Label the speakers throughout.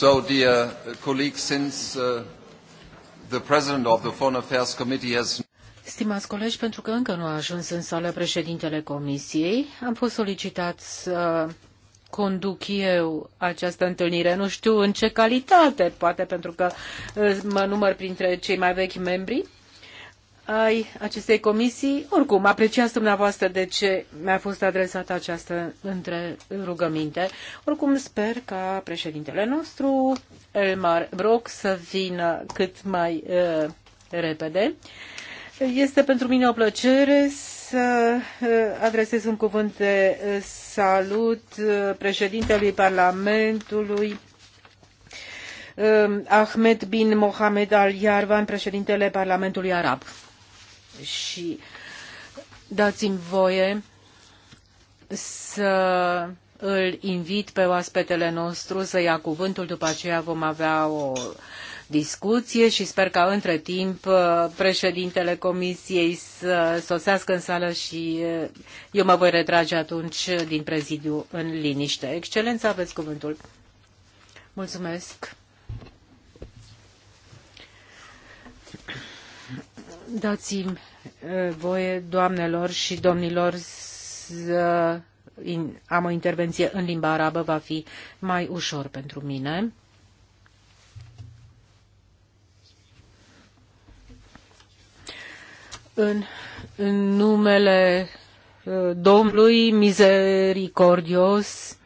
Speaker 1: So, dear uh, colleagues, since uh, the President of the Foreign Affairs Committee has
Speaker 2: Stimați colegi, pentru că încă nu a ajuns în sală președintele Comisiei, am fost solicitat să conduc eu această întâlnire. Nu știu în ce calitate, poate pentru că uh, mă număr printre cei mai vechi membri ai acestei comisii. Oricum, apreciați dumneavoastră de ce mi-a fost adresată această între rugăminte. Oricum, sper ca președintele nostru, Elmar Brock, să vină cât mai uh, repede. Este pentru mine o plăcere să uh, adresez un cuvânt de uh, salut uh, președintelui Parlamentului, Ahmed bin Mohamed Al Yarvan, președintele Parlamentului Arab și dați-mi voie să îl invit pe oaspetele nostru să ia cuvântul, după aceea vom avea o discuție și sper ca între timp uh, președintele comisiei să sosească în sală și uh, eu mă voi retrage atunci din prezidiu în liniște. Excelență, aveți cuvântul. Mulțumesc. Dați-mi voie, doamnelor și domnilor, să am o intervenție în limba arabă, va fi mai ușor pentru mine. În, în numele Domnului Misericordios,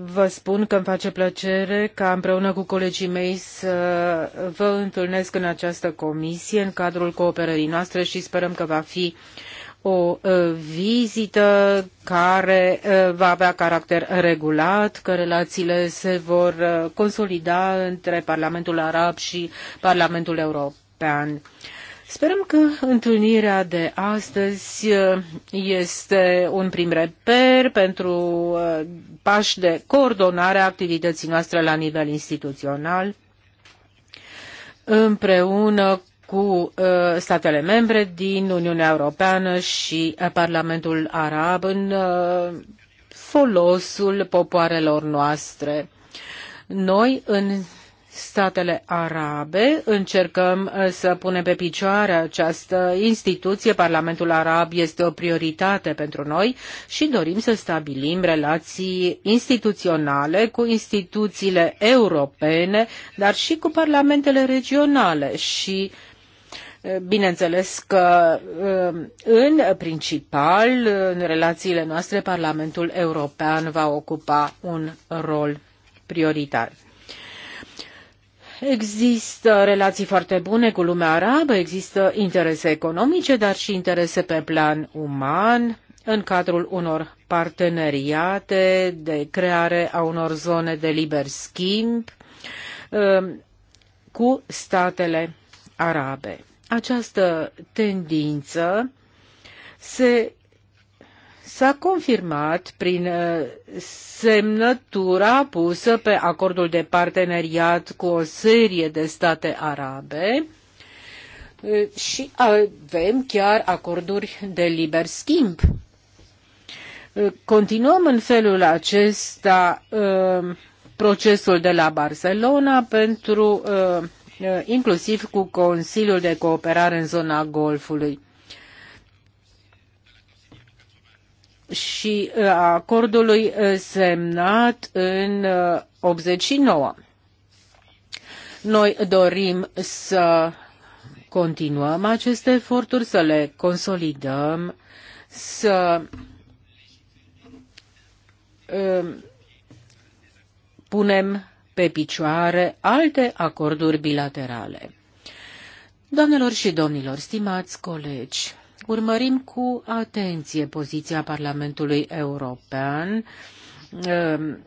Speaker 2: vă spun că îmi face plăcere ca împreună cu colegii mei să vă întâlnesc în această comisie în cadrul cooperării noastre și sperăm că va fi o vizită care va avea caracter regulat, că relațiile se vor consolida între Parlamentul Arab și Parlamentul European. Sperăm că întâlnirea de astăzi uh, este un prim reper pentru uh, pași de coordonare a activității noastre la nivel instituțional împreună cu uh, statele membre din Uniunea Europeană și Parlamentul Arab în folosul popoarelor noastre. Noi, în statele arabe. Încercăm uh, să punem pe picioare această instituție. Parlamentul arab este o prioritate pentru noi și dorim să stabilim relații instituționale cu instituțiile europene, dar și cu parlamentele regionale și uh, Bineînțeles că uh, în principal în relațiile noastre Parlamentul European va ocupa un rol prioritar. Există relații foarte bune cu lumea arabă, există interese economice, dar și interese pe plan uman în cadrul unor parteneriate de creare a unor zone de liber schimb um, cu statele arabe. Această tendință se s-a confirmat prin uh, semnătura pusă pe acordul de parteneriat cu o serie de state arabe uh, și avem chiar acorduri de liber schimb. Uh, continuăm în felul acesta procesul de la Barcelona pentru inclusiv cu Consiliul de Cooperare în zona Golfului. și uh, acordului uh, semnat în 89. Uh, Noi dorim să continuăm aceste eforturi, să le consolidăm, să um, punem pe picioare alte acorduri bilaterale. Doamnelor și domnilor, stimați colegi, Urmărim cu atenție poziția Parlamentului European um,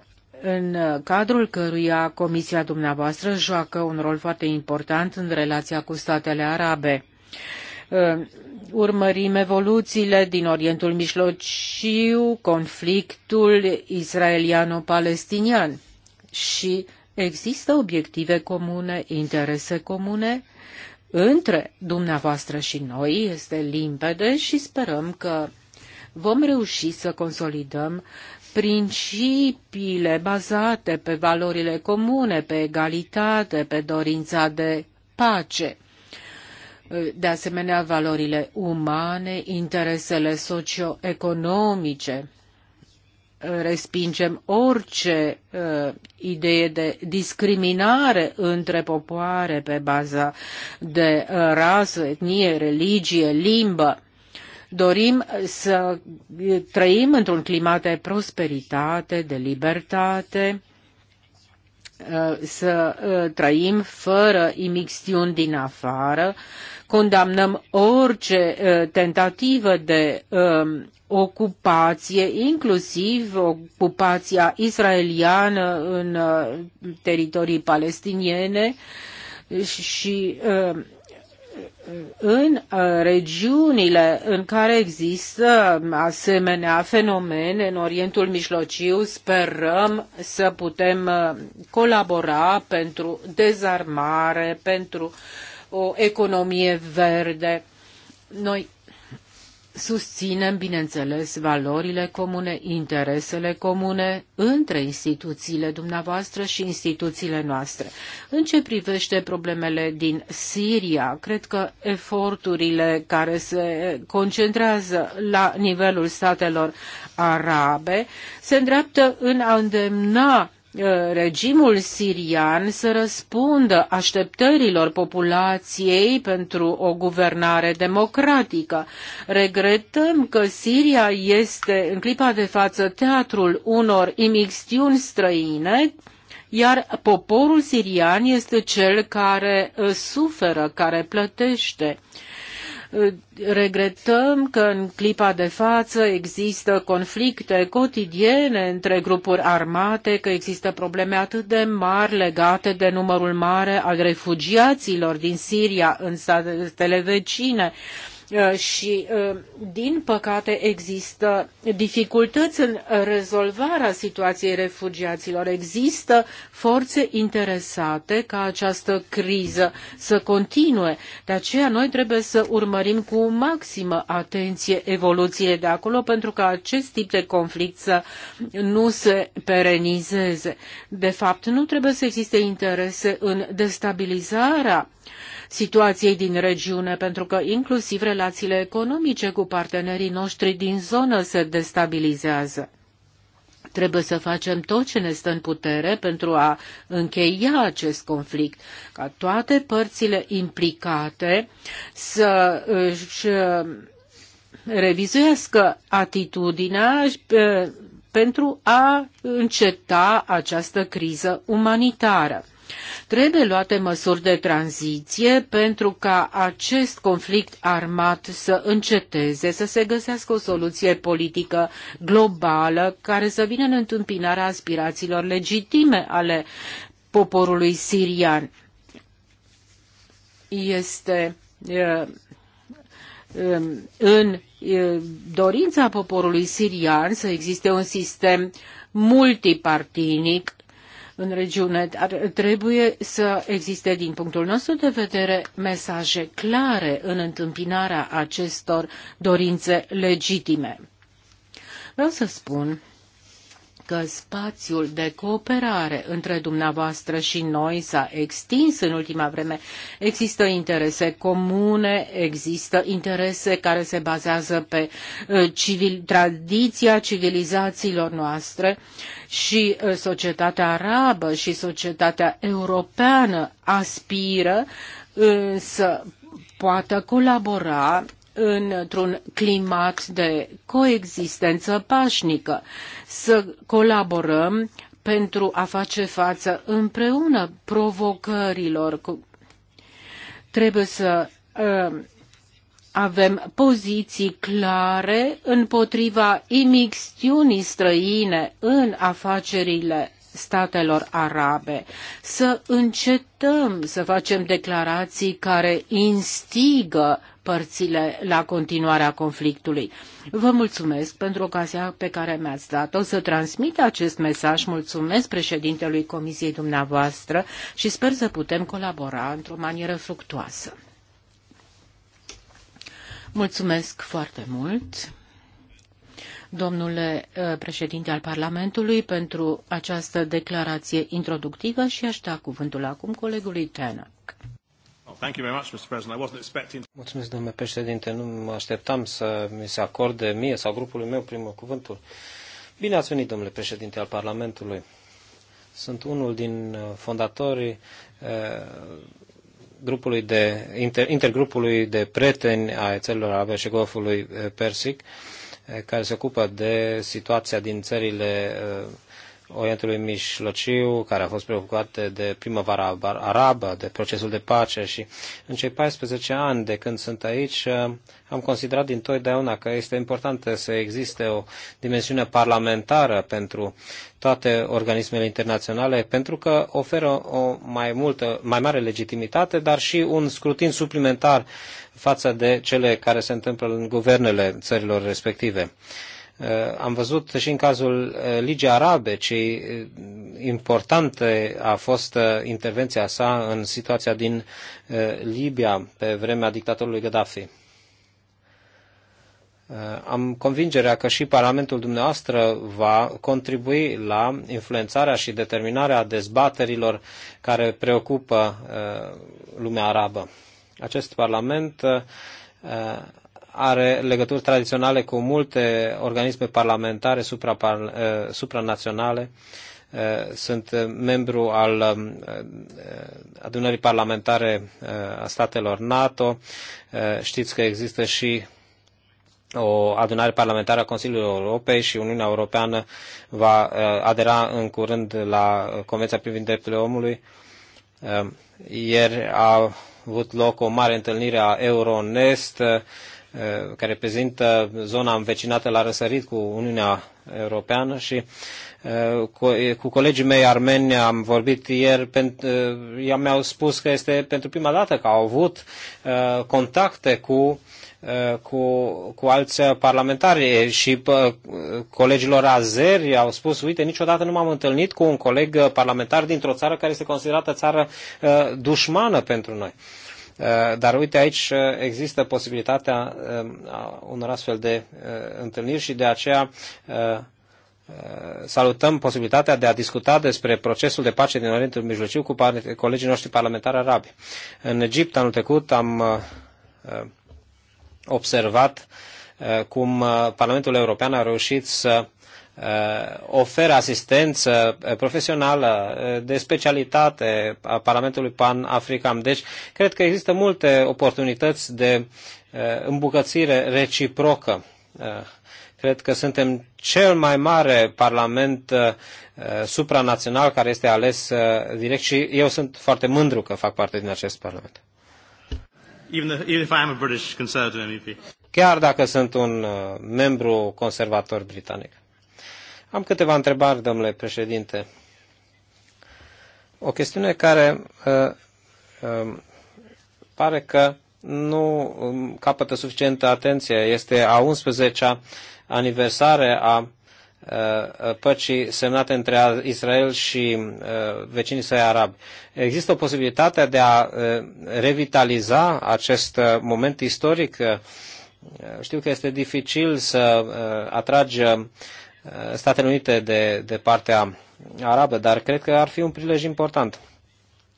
Speaker 2: în cadrul căruia comisia dumneavoastră joacă un rol foarte important în relația cu statele arabe. Um, urmărim evoluțiile din Orientul Mijlociu, conflictul israeliano-palestinian și există obiective comune, interese comune între dumneavoastră și noi este limpede și sperăm că vom reuși să consolidăm principiile bazate pe valorile comune, pe egalitate, pe dorința de pace. De asemenea, valorile umane, interesele socioeconomice, respingem orice uh, idee de discriminare între popoare pe baza de uh, rasă, etnie, religie, limbă. Dorim să uh, trăim într-un climat de prosperitate, de libertate, uh, să uh, trăim fără imixtiuni din afară, condamnăm orice tentativă de ocupație, inclusiv ocupația israeliană în uh, teritorii palestiniene și uh, în uh, regiunile în care există asemenea fenomene în Orientul Mijlociu, sperăm să putem colabora pentru dezarmare, pentru o economie verde. Noi susținem, bineînțeles, valorile comune, interesele comune între instituțiile dumneavoastră și instituțiile noastre. În ce privește problemele din Siria, cred că eforturile care se concentrează la nivelul statelor arabe se îndreaptă în a îndemna Uh, regimul sirian să răspundă așteptărilor populației pentru o guvernare democratică. Regretăm că Siria este în clipa de față teatrul unor imixtiuni străine, iar poporul sirian este cel care uh, suferă, care plătește. Uh, regretăm că în clipa de față există conflicte cotidiene între grupuri armate, că există probleme atât de mari legate de numărul mare al refugiaților din Siria în statele vecine, Uh, și, uh, din păcate, există dificultăți în rezolvarea situației refugiaților. Există forțe interesate ca această criză să continue. De aceea noi trebuie să urmărim cu maximă atenție evoluțiile de acolo pentru ca acest tip de conflict să nu se perenizeze. De fapt, nu trebuie să existe interese în destabilizarea uh, situației din regiune, pentru că inclusiv relațiile economice cu partenerii noștri din zonă se destabilizează. Trebuie să facem tot ce ne stă în putere pentru a încheia acest conflict, ca toate părțile implicate să își uh, revizuiască atitudinea uh, pentru a înceta această criză umanitară. Trebuie luate măsuri de tranziție pentru ca acest conflict armat să înceteze, să se găsească o soluție politică globală care să vină în întâmpinarea aspirațiilor legitime ale poporului sirian. Este în dorința poporului sirian să existe un sistem multipartinic în regiune. Dar trebuie să existe, din punctul nostru de vedere, mesaje clare în întâmpinarea acestor dorințe legitime. Vreau să spun că spațiul de cooperare între dumneavoastră și noi s-a extins în ultima vreme. Există interese comune, există interese care se bazează pe uh, civil, tradiția civilizațiilor noastre și uh, societatea arabă și societatea europeană aspiră să poată colabora într-un climat de coexistență pașnică, să colaborăm pentru a face față împreună provocărilor. Trebuie să uh, avem poziții clare împotriva imixtiunii străine în afacerile statelor arabe, să încetăm să facem declarații care instigă părțile la continuarea conflictului. Vă mulțumesc pentru ocazia pe care mi-ați dat-o să transmit acest mesaj. Mulțumesc președintelui Comisiei dumneavoastră și sper să putem colabora într-o manieră fructuoasă. Mulțumesc foarte mult, domnule uh, președinte al Parlamentului, pentru această declarație introductivă și aș da cuvântul acum colegului Tenac.
Speaker 1: Thank you very much, Mr. President. I wasn't expecting... Mulțumesc, domnule președinte. Nu mă așteptam să mi se acorde mie sau grupului meu primul cuvântul. Bine ați venit, domnule președinte al Parlamentului. Sunt unul din uh, fondatorii uh, grupului de, inter, intergrupului de prieteni a țărilor arabe și Golfului uh, Persic, care se ocupă de situația din țările Orientului Mijlociu, care a fost preocupată de primăvara arabă, de procesul de pace și în cei 14 ani de când sunt aici, uh, am considerat din totdeauna că este important să existe o dimensiune parlamentară pentru toate organismele internaționale, pentru că oferă o mai, multă, mai mare legitimitate, dar și un scrutin suplimentar față de cele care se întâmplă în guvernele țărilor respective. Eh, am văzut și în cazul eh, Ligii Arabe ce eh, importantă a fost intervenția sa în situația din Libia pe vremea dictatorului Gaddafi. Am convingerea că și Parlamentul dumneavoastră va contribui la influențarea și determinarea dezbaterilor care preocupă lumea arabă. Acest Parlament are legături tradiționale cu multe organisme parlamentare eh, supranaționale. Eh, sunt membru al eh, adunării parlamentare a statelor NATO. Știți că există și o adunare parlamentară a Consiliului Europei și Uniunea Europeană va adera în curând la Convenția privind drepturile omului. Ieri a avut loc o mare întâlnire a Euronest Uh, care reprezintă zona învecinată la răsărit cu Uniunea Europeană și uh, cu colegii mei armeni am vorbit ieri, ea uh, mi-au spus că este pentru prima dată că au avut contacte cu cu, cu alți parlamentari și pă, colegilor azeri au spus, uite, niciodată nu m-am întâlnit cu un coleg parlamentar dintr-o țară care este considerată țară uh, dușmană pentru noi. Uh, Eh, dar uite, aici eh, există posibilitatea eh, unor astfel de întâlniri și de aceea salutăm posibilitatea de a discuta despre procesul de pace din Orientul Mijlociu cu colegii noștri parlamentari arabi. În Egipt, anul trecut, am observat cum Parlamentul European a reușit să Uh, oferă asistență uh, profesională uh, de specialitate a Parlamentului Pan-African. Deci, cred că există multe oportunități de îmbucățire reciprocă. Cred că suntem cel mai mare parlament supranațional care este ales direct și eu sunt foarte mândru că fac parte din acest parlament. Even, if, even if I am a British conservative MEP. Chiar dacă sunt un membru conservator britanic. Am câteva întrebări, domnule președinte. O chestiune care uh, uh, pare că nu um, capătă suficientă atenție este a 11-a aniversare a uh, păcii semnate între Israel și uh, vecinii săi arabi. Există o posibilitate de a uh, revitaliza acest moment istoric? Știu că este dificil să atragi Uh, Statele Unite de, de partea arabă, dar cred că ar fi un prilej important.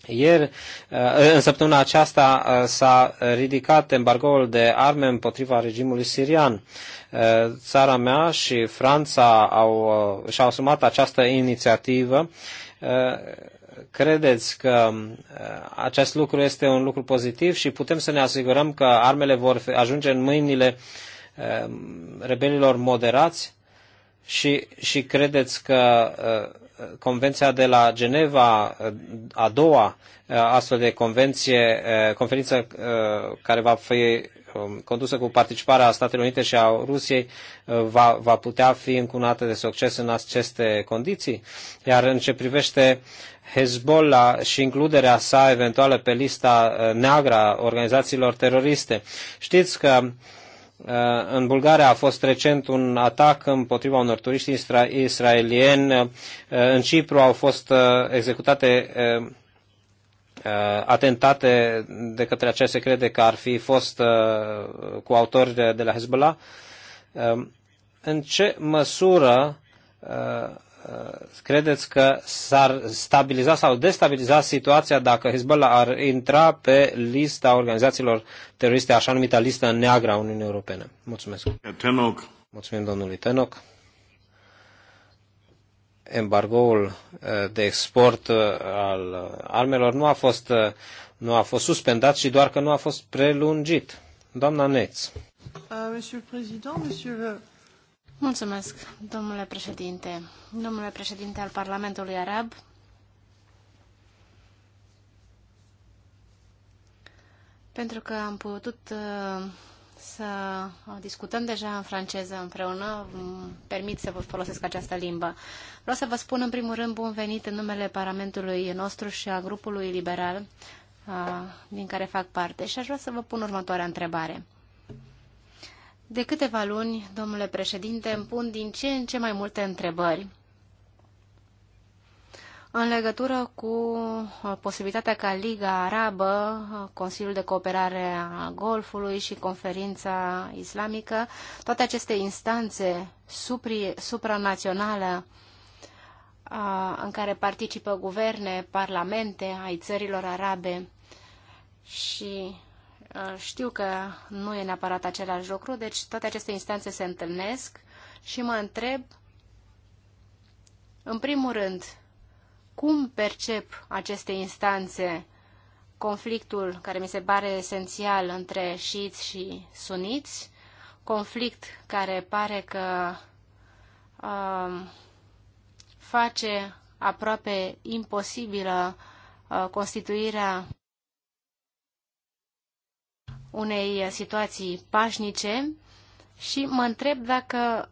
Speaker 1: Ieri, uh, în săptămâna aceasta, uh, s-a ridicat embargoul de arme împotriva regimului sirian. Țara mea și Franța au, și-au asumat această inițiativă. Credeți că acest lucru este un lucru pozitiv și putem să ne asigurăm că armele vor ajunge în mâinile rebelilor moderați? Și, și credeți că uh, Convenția de la Geneva, uh, a doua uh, astfel de convenție, conferință care va fi um, condusă cu participarea Statelor Unite și a Rusiei va, va putea fi încunată de succes în aceste condiții. Iar în ce privește Hezbollah și includerea sa eventuală pe lista neagră a organizațiilor teroriste, știți că uh, Uh, în Bulgaria a fost recent un atac împotriva unor turiști isra- israelieni. Uh, în Cipru au fost uh, executate atentate de către aceea se crede că ar fi fost cu autori de, de la Hezbollah. În ce măsură Uh, credeți că s-ar stabiliza sau destabiliza situația dacă Hezbollah ar intra pe lista organizațiilor teroriste, așa numită listă neagră a Uniunii Europene? Mulțumesc. Tenoc. Mulțumim domnului Tenoc. Embargoul uh, de export uh, al armelor nu a fost, nu a fost suspendat și doar că nu a fost prelungit. Doamna Neț. Uh,
Speaker 3: monsieur le Président, monsieur le Mulțumesc, domnule președinte. Domnule președinte al Parlamentului Arab, pentru că am putut uh, să discutăm deja în franceză împreună, îmi permit să vă folosesc această limbă. Vreau să vă spun în primul rând bun venit în numele Parlamentului nostru și a grupului liberal uh, din care fac parte și aș vrea să vă pun următoarea întrebare. De câteva luni, domnule președinte, îmi pun din ce în ce mai multe întrebări în legătură cu uh, posibilitatea ca Liga Arabă, uh, Consiliul de Cooperare a Golfului și Conferința Islamică, toate aceste instanțe supri, supranaționale uh, în care participă guverne, parlamente ai țărilor arabe și Uh, știu că nu e neapărat același lucru, deci toate aceste instanțe se întâlnesc și mă întreb, în primul rând, cum percep aceste instanțe conflictul care mi se pare esențial între șiiți și suniți, conflict care pare că uh, face aproape imposibilă uh, constituirea unei situații pașnice și mă întreb dacă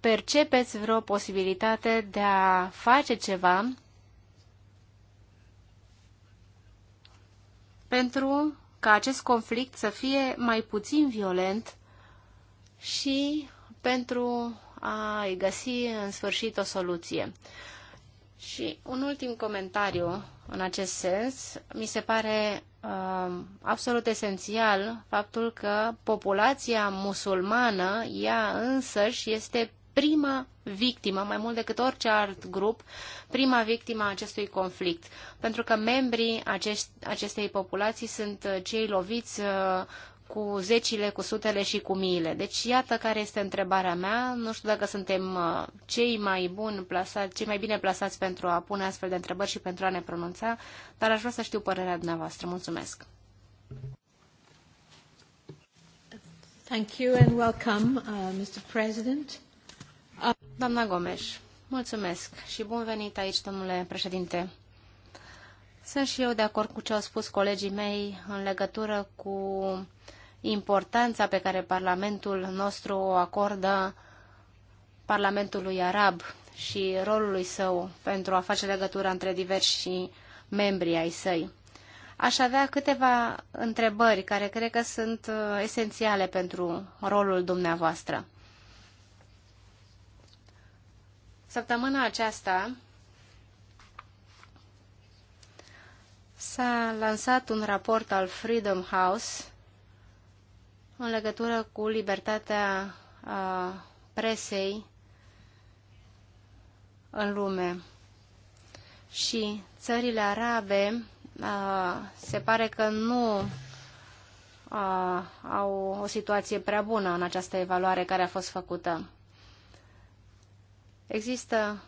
Speaker 3: percepeți vreo posibilitate de a face ceva pentru ca acest conflict să fie mai puțin violent și pentru a-i găsi în sfârșit o soluție. Și un ultim comentariu în acest sens, mi se pare uh, absolut esențial faptul că populația musulmană, ea însăși, este prima victimă, mai mult decât orice alt grup, prima victimă a acestui conflict. Pentru că membrii acest, acestei populații sunt uh, cei loviți uh, cu zecile, cu sutele și cu miile. Deci iată care este întrebarea mea. Nu știu dacă suntem uh, cei mai buni plasați, cei mai bine plasați pentru a pune astfel de întrebări și pentru a ne pronunța, dar aș vrea să știu părerea dumneavoastră. Mulțumesc. Thank you and welcome, uh, Mr. President. Uh... Doamna Gomes, mulțumesc și bun venit aici, domnule președinte. Sunt și eu de acord cu ce au spus colegii mei în legătură cu uh, importanța pe care Parlamentul nostru o acordă Parlamentului Arab și rolului său pentru a face legătura între diversi membri ai săi. Aș avea câteva întrebări care cred că sunt uh, esențiale pentru rolul dumneavoastră. Săptămâna aceasta s-a lansat un raport al Freedom House în legătură cu libertatea presei în lume. Și țările arabe se pare că nu au o situație prea bună în această evaluare care a fost făcută. Există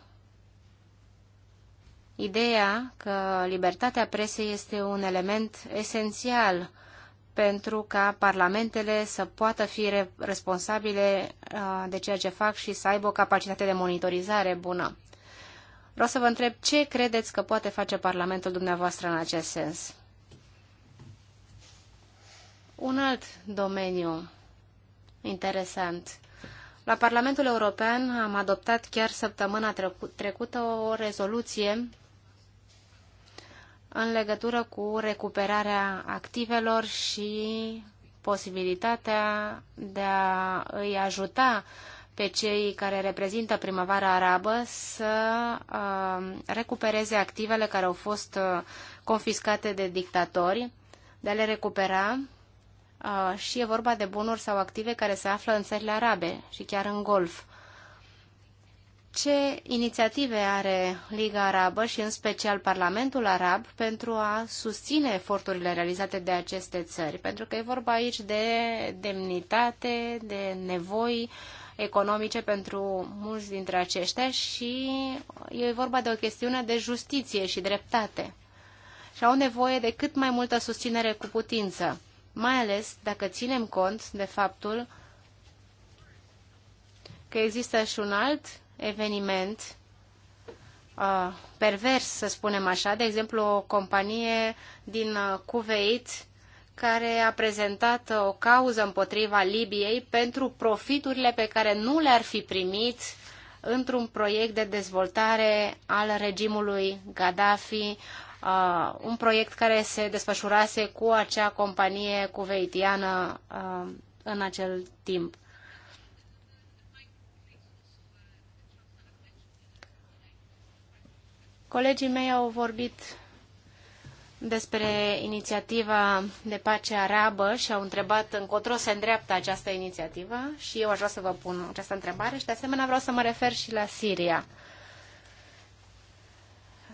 Speaker 3: ideea că libertatea presei este un element esențial pentru ca parlamentele să poată fi responsabile uh, de ceea ce fac și să aibă o capacitate de monitorizare bună. Vreau să vă întreb ce credeți că poate face Parlamentul dumneavoastră în acest sens. Un alt domeniu interesant. La Parlamentul European am adoptat chiar săptămâna trecută o rezoluție în legătură cu recuperarea activelor și posibilitatea de a îi ajuta pe cei care reprezintă primăvara arabă să uh, recupereze activele care au fost uh, confiscate de dictatori, de a le recupera uh, și e vorba de bunuri sau active care se află în țările arabe și chiar în Golf ce inițiative are Liga Arabă și în special Parlamentul Arab pentru a susține eforturile realizate de aceste țări? Pentru că e vorba aici de demnitate, de nevoi economice pentru mulți dintre aceștia și e vorba de o chestiune de justiție și dreptate. Și au nevoie de cât mai multă susținere cu putință, mai ales dacă ținem cont de faptul că există și un alt eveniment uh, pervers, să spunem așa, de exemplu o companie din uh, Kuwait care a prezentat uh, o cauză împotriva Libiei pentru profiturile pe care nu le-ar fi primit într-un proiect de dezvoltare al regimului Gaddafi, uh, un proiect care se desfășurase cu acea companie cuveitiană uh, în acel timp. Colegii mei au vorbit despre inițiativa de pace arabă și au întrebat încotro se îndreaptă această inițiativă și eu aș vrea să vă pun această întrebare și de asemenea vreau să mă refer și la Siria.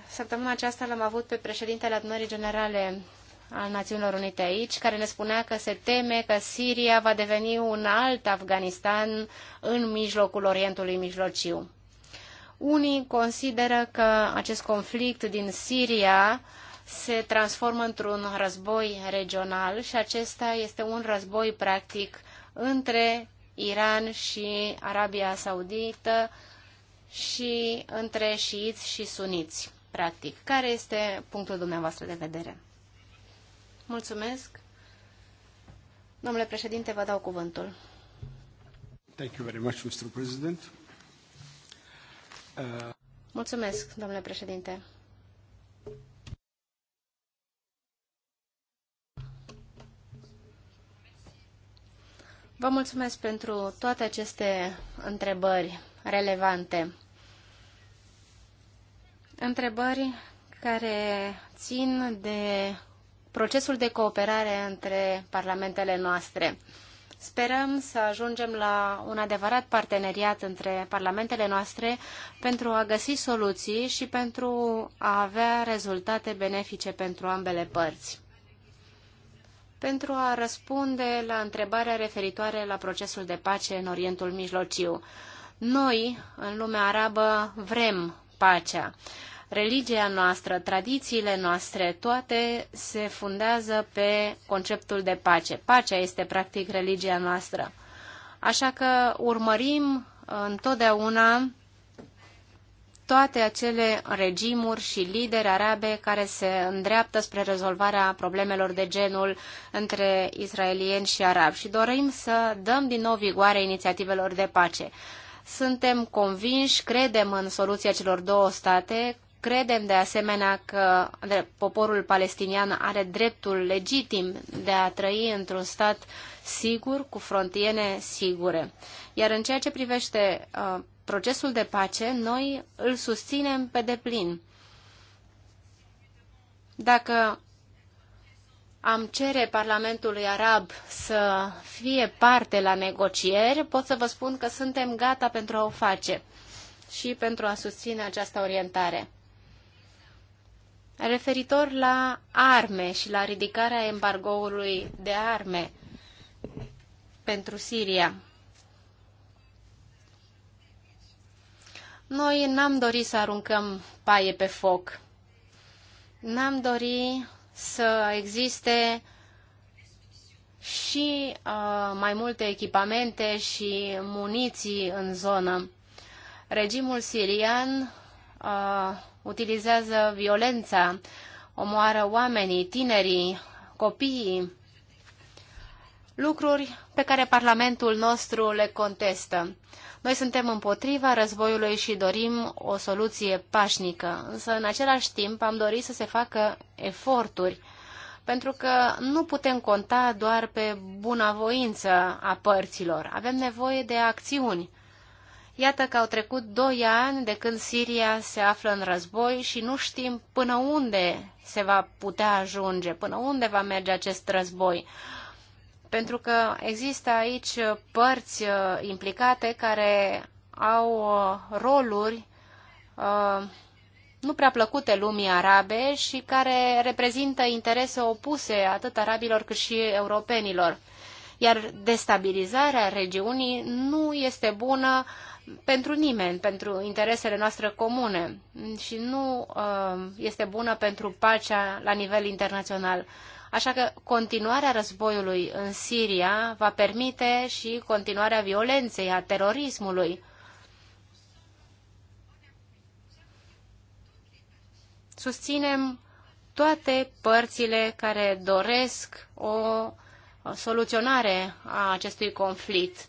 Speaker 3: Săptămâna aceasta l-am avut pe președintele adunării generale al Națiunilor Unite aici, care ne spunea că se teme că Siria va deveni un alt Afganistan în mijlocul Orientului Mijlociu. Unii consideră că acest conflict din Siria se transformă într-un război regional și acesta este un război practic între Iran și Arabia Saudită și între șiiți și suniți, practic. Care este punctul dumneavoastră de vedere? Mulțumesc. Domnule președinte, vă dau cuvântul. Thank you very much, Mr. President. Mulțumesc, domnule președinte. Vă mulțumesc pentru toate aceste întrebări relevante. Întrebări care țin de procesul de cooperare între parlamentele noastre. Sperăm să ajungem la un adevărat parteneriat între parlamentele noastre pentru a găsi soluții și pentru a avea rezultate benefice pentru ambele părți. Pentru a răspunde la întrebarea referitoare la procesul de pace în Orientul Mijlociu, noi, în lumea arabă, vrem pacea religia noastră, tradițiile noastre, toate se fundează pe conceptul de pace. Pacea este practic religia noastră. Așa că urmărim întotdeauna toate acele regimuri și lideri arabe care se îndreaptă spre rezolvarea problemelor de genul între israelieni și arabi și dorim să dăm din nou vigoare inițiativelor de pace. Suntem convinși, credem în soluția celor două state, Credem de asemenea că poporul palestinian are dreptul legitim de a trăi într-un stat sigur, cu frontiere sigure. Iar în ceea ce privește uh, procesul de pace, noi îl susținem pe deplin. Dacă am cere Parlamentului Arab să fie parte la negocieri, pot să vă spun că suntem gata pentru a o face și pentru a susține această orientare. Referitor la arme și la ridicarea embargoului de arme pentru Siria. Noi n-am dorit să aruncăm paie pe foc. N-am dorit să existe și uh, mai multe echipamente și muniții în zonă. Regimul sirian uh, utilizează violența, omoară oamenii, tinerii, copiii, lucruri pe care Parlamentul nostru le contestă. Noi suntem împotriva războiului și dorim o soluție pașnică, însă în același timp am dorit să se facă eforturi, pentru că nu putem conta doar pe bunavoință a părților. Avem nevoie de acțiuni. Iată că au trecut doi ani de când Siria se află în război și nu știm până unde se va putea ajunge, până unde va merge acest război. Pentru că există aici părți uh, implicate care au uh, roluri uh, nu prea plăcute lumii arabe și care reprezintă interese opuse atât arabilor cât și europenilor. Iar destabilizarea regiunii nu este bună pentru nimeni, pentru interesele noastre comune și nu uh, este bună pentru pacea la nivel internațional. Așa că continuarea războiului în Siria va permite și continuarea violenței, a terorismului. Susținem toate părțile care doresc o soluționare a acestui conflict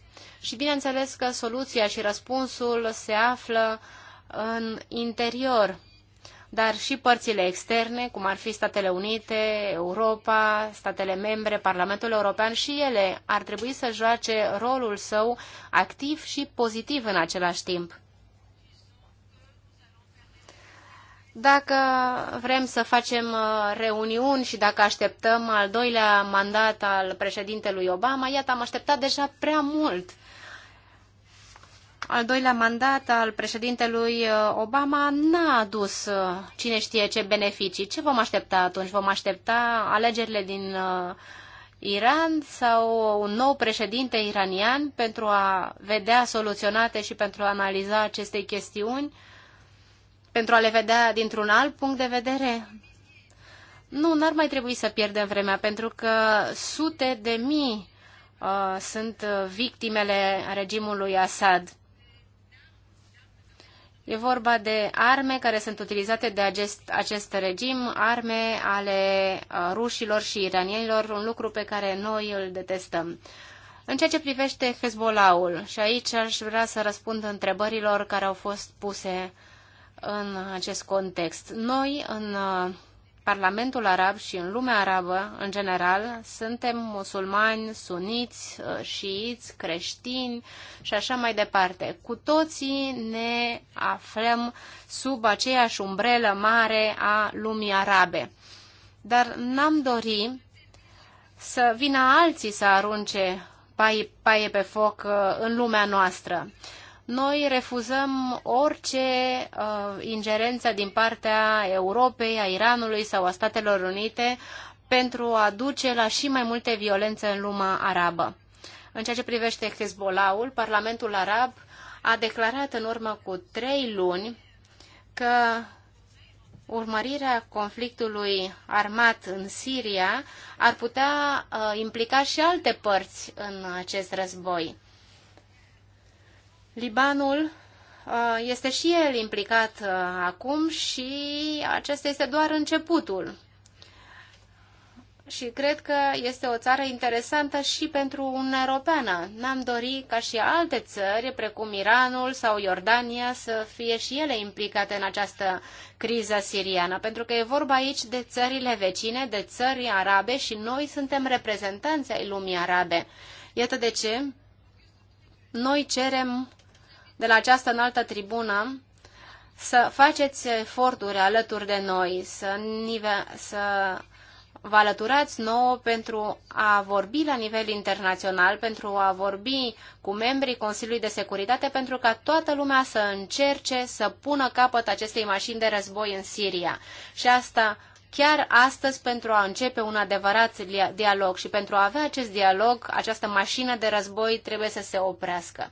Speaker 3: și bineînțeles că soluția și răspunsul se află în interior, dar și părțile externe, cum ar fi Statele Unite, Europa, statele membre, Parlamentul European și ele ar trebui să joace rolul său activ și pozitiv în același timp. Dacă vrem să facem uh, reuniuni și dacă așteptăm al doilea mandat al președintelui Obama, iată, am așteptat deja prea mult al doilea mandat al președintelui uh, Obama n-a adus uh, cine știe ce beneficii. Ce vom aștepta atunci? Vom aștepta alegerile din uh, Iran sau un nou președinte iranian pentru a vedea soluționate și pentru a analiza aceste chestiuni, pentru a le vedea dintr-un alt punct de vedere? Nu, n-ar mai trebui să pierdem vremea, pentru că sute de mii uh, sunt victimele regimului Assad. E vorba de arme care sunt utilizate de acest, acest regim, arme ale uh, rușilor și iranienilor, un lucru pe care noi îl detestăm. În ceea ce privește Hezbollahul, și aici aș vrea să răspund întrebărilor care au fost puse în acest context. Noi, în uh, Parlamentul Arab și în lumea arabă, în general, suntem musulmani, suniți, uh, șiiți, creștini și așa mai departe. Cu toții ne aflăm sub aceeași umbrelă mare a lumii arabe. Dar n-am dori să vină alții să arunce paie, paie pe foc uh, în lumea noastră. Noi refuzăm orice uh, ingerență din partea Europei, a Iranului sau a Statelor Unite pentru a duce la și mai multe violențe în lumea arabă. În ceea ce privește Hezbollahul, Parlamentul Arab a declarat în urmă cu trei luni că urmărirea conflictului armat în Siria ar putea uh, implica și alte părți în acest război. Libanul uh, este și el implicat uh, acum și acesta este doar începutul. Și cred că este o țară interesantă și pentru un Europeană. N-am dori ca și alte țări, precum Iranul sau Iordania, să fie și ele implicate în această criză siriană, pentru că e vorba aici de țările vecine, de țări arabe și noi suntem reprezentanți ai lumii arabe. Iată de ce noi cerem de la această înaltă tribună să faceți eforturi alături de noi, să, nive- să vă alăturați nouă pentru a vorbi la nivel internațional, pentru a vorbi cu membrii Consiliului de Securitate, pentru ca toată lumea să încerce să pună capăt acestei mașini de război în Siria. Și asta chiar astăzi pentru a începe un adevărat dialog și pentru a avea acest dialog, această mașină de război trebuie să se oprească.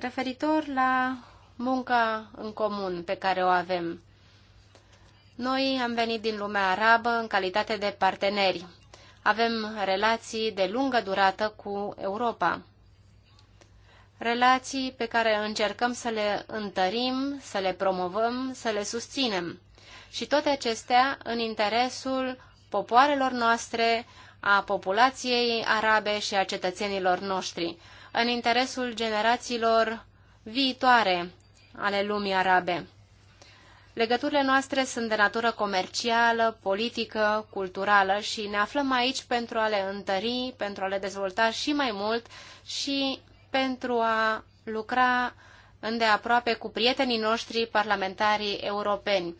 Speaker 3: Referitor la munca în comun pe care o avem. Noi am venit din lumea arabă în calitate de parteneri. Avem relații de lungă durată cu Europa. Relații pe care încercăm să le întărim, să le promovăm, să le susținem. Și toate acestea în interesul popoarelor noastre, a populației arabe și a cetățenilor noștri în interesul generațiilor viitoare ale lumii arabe. Legăturile noastre sunt de natură comercială, politică, culturală și ne aflăm aici pentru a le întări, pentru a le dezvolta și mai mult și pentru a lucra îndeaproape cu prietenii noștri parlamentarii europeni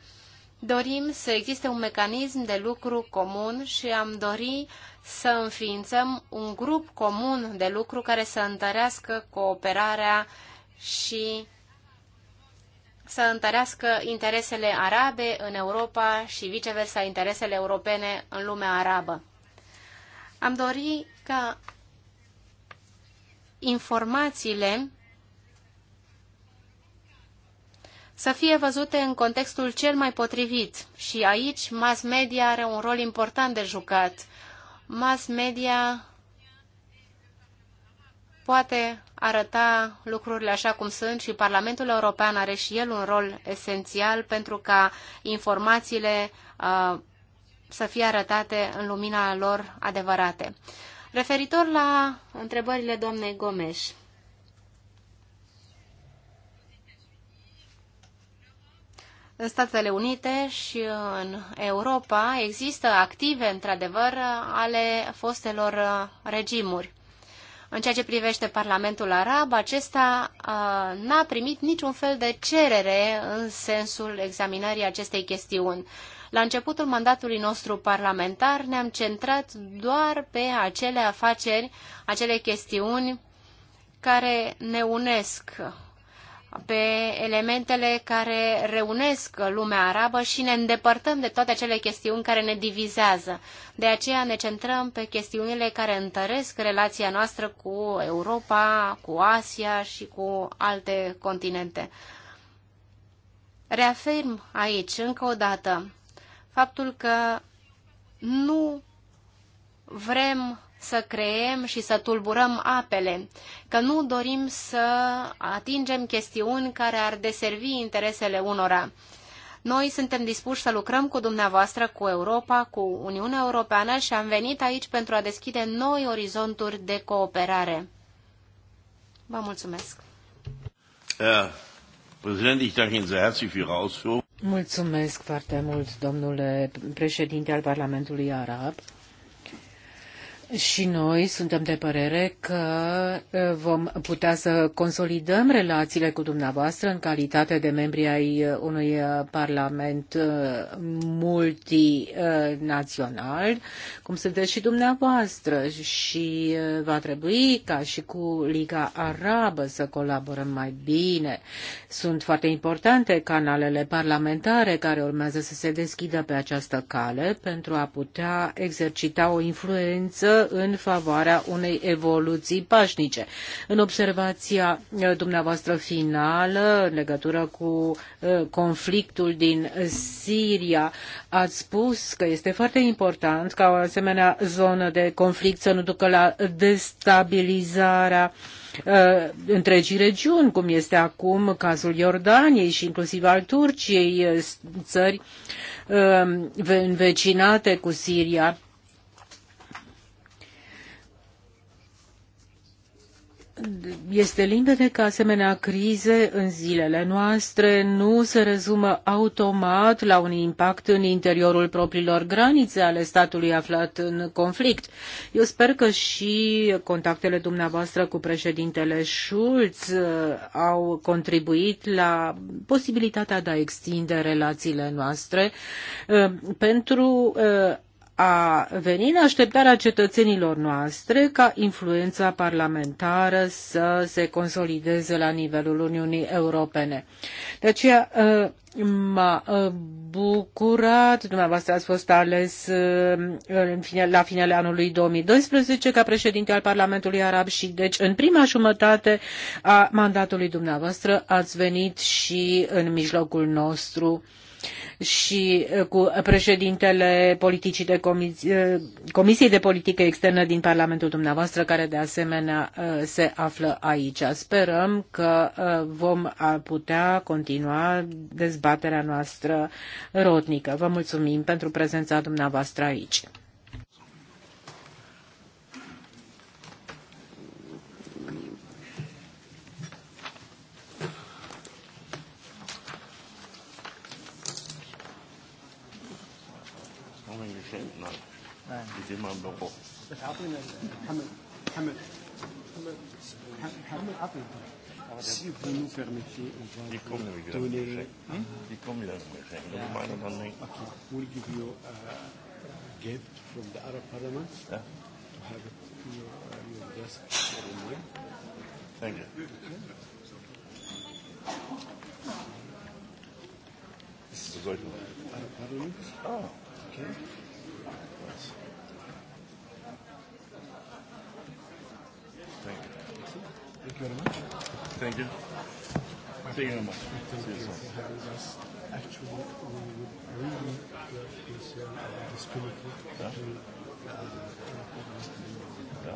Speaker 3: dorim să existe un mecanism de lucru comun și am dori să înființăm un grup comun de lucru care să întărească cooperarea și să întărească interesele arabe în Europa și viceversa interesele europene în lumea arabă. Am dori ca informațiile să fie văzute în contextul cel mai potrivit. Și aici mass media are un rol important de jucat. Mass media poate arăta lucrurile așa cum sunt și Parlamentul European are și el un rol esențial pentru ca informațiile uh, să fie arătate în lumina lor adevărate. Referitor la întrebările doamnei Gomes, în Statele Unite și în Europa există active, într-adevăr, ale fostelor uh, regimuri. În ceea ce privește Parlamentul Arab, acesta uh, n-a primit niciun fel de cerere în sensul examinării acestei chestiuni. La începutul mandatului nostru parlamentar ne-am centrat doar pe acele afaceri, acele chestiuni care ne unesc pe elementele care reunesc lumea arabă și ne îndepărtăm de toate acele chestiuni care ne divizează. De aceea ne centrăm pe chestiunile care întăresc relația noastră cu Europa, cu Asia și cu alte continente. Reafirm aici, încă o dată, faptul că nu vrem să creem și să tulburăm apele, că nu dorim să atingem chestiuni care ar deservi interesele unora. Noi suntem dispuși să lucrăm cu dumneavoastră, cu Europa, cu Uniunea Europeană și am venit aici pentru a deschide noi orizonturi de cooperare. Vă mulțumesc!
Speaker 2: Mulțumesc foarte mult, domnule președinte al Parlamentului Arab. Și noi suntem de părere că vom putea să consolidăm relațiile cu dumneavoastră în calitate de membri ai unui parlament multinațional, cum sunteți și dumneavoastră. Și va trebui ca și cu Liga Arabă să colaborăm mai bine. Sunt foarte importante canalele parlamentare care urmează să se deschidă pe această cale pentru a putea exercita o influență în favoarea unei evoluții pașnice. În observația eh, dumneavoastră finală, în legătură cu eh, conflictul din Siria, ați spus că este foarte important ca o asemenea zonă de conflict să nu ducă la destabilizarea eh, întregii regiuni, cum este acum cazul Iordaniei și inclusiv al Turciei, țări învecinate cu Siria. Este limpede că asemenea crize în zilele noastre nu se rezumă automat la un impact în interiorul propriilor granițe ale statului aflat în conflict. Eu sper că și contactele dumneavoastră cu președintele Schulz uh, au contribuit la posibilitatea de a extinde relațiile noastre uh, pentru uh, a veni în așteptarea cetățenilor noastre ca influența parlamentară să se consolideze la nivelul Uniunii Europene. De aceea uh, m-a uh, bucurat, dumneavoastră ați fost ales uh, în fine, la finele anului 2012 ca președinte al Parlamentului Arab și deci în prima jumătate a mandatului dumneavoastră ați venit și în mijlocul nostru uh, și uh, cu președintele politicii de comisie, uh, Comisiei de Politică Externă din Parlamentul dumneavoastră, care de asemenea uh, se află aici. Sperăm că vom putea continua dezbaterea noastră rodnică. Vă mulțumim pentru prezența dumneavoastră aici.
Speaker 3: sind immer im Büro.
Speaker 1: Die kommen wieder im Geschenk. Die
Speaker 3: kommen Da
Speaker 1: a gift from the Arab Parliament da. to have it
Speaker 2: your, uh, your desk Thank you. Okay.
Speaker 3: This is a good one. Arab Parliament? Oh. Okay.
Speaker 2: Thank you. Thank you very much. Thank you. Thank you very much. See you soon.
Speaker 3: Actually, we would really love to hear about this committee yeah. to uh, yeah.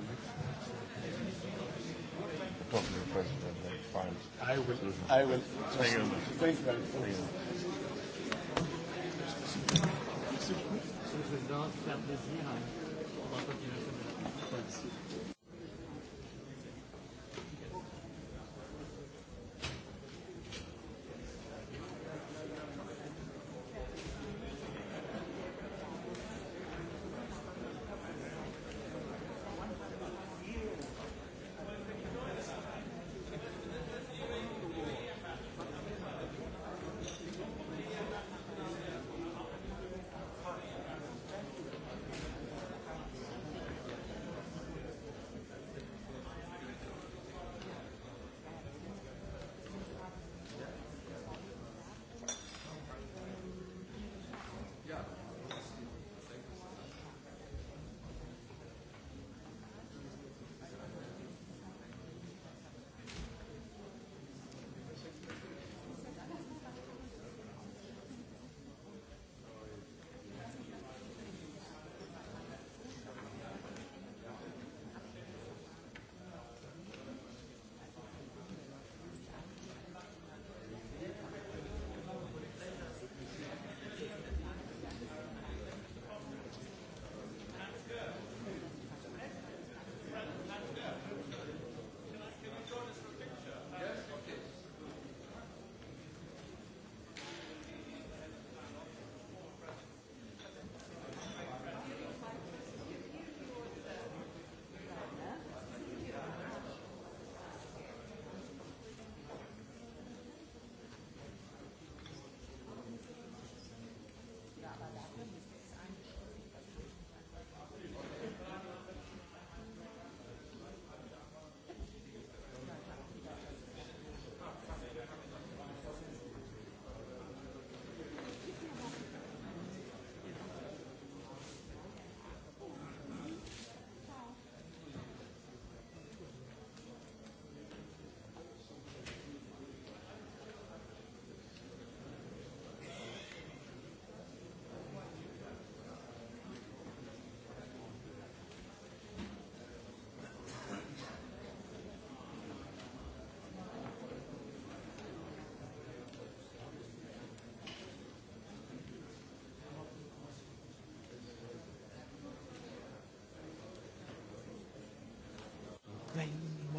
Speaker 1: Talk to the president. Fine. I
Speaker 3: will. I will. Thank you. Thank you very much. Thank
Speaker 2: you. Monsieur le Président, c'est un plaisir. On va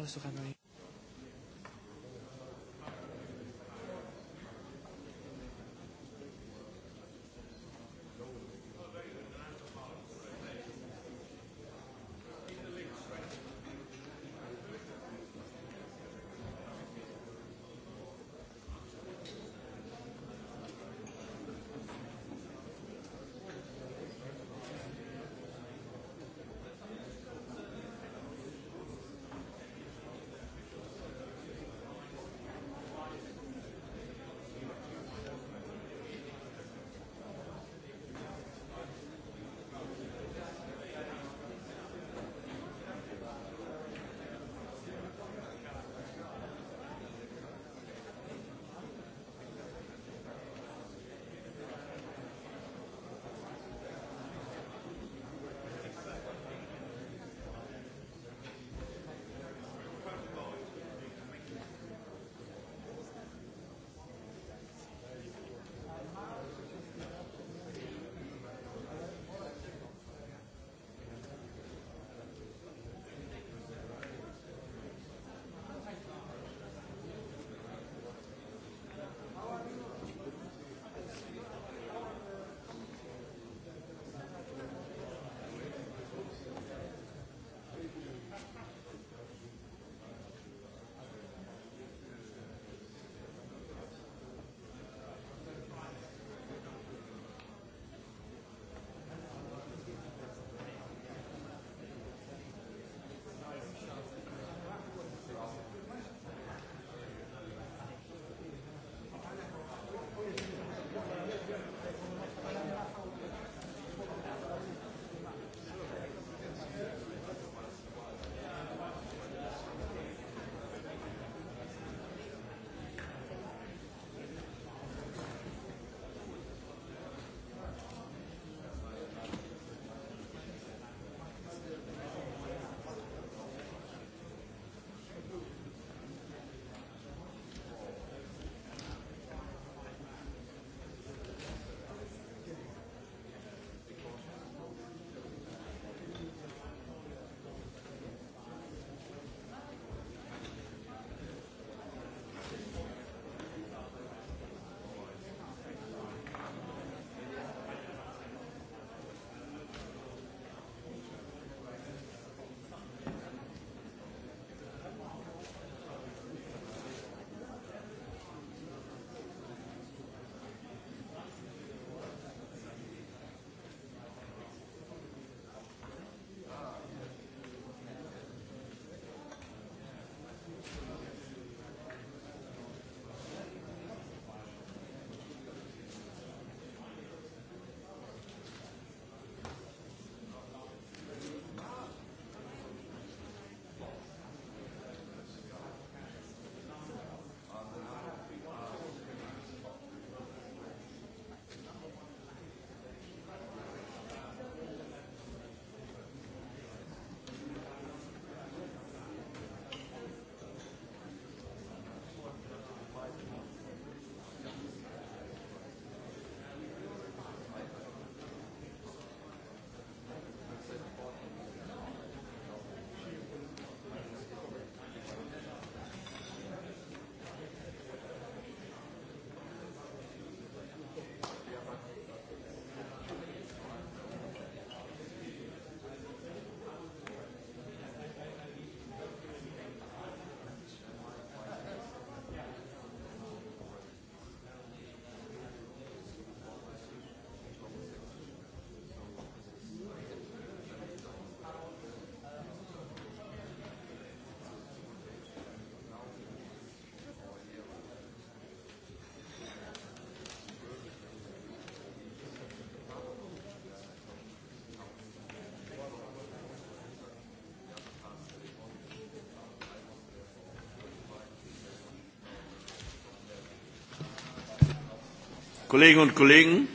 Speaker 2: parole sera donnée
Speaker 1: Kolleginnen und Kollegen.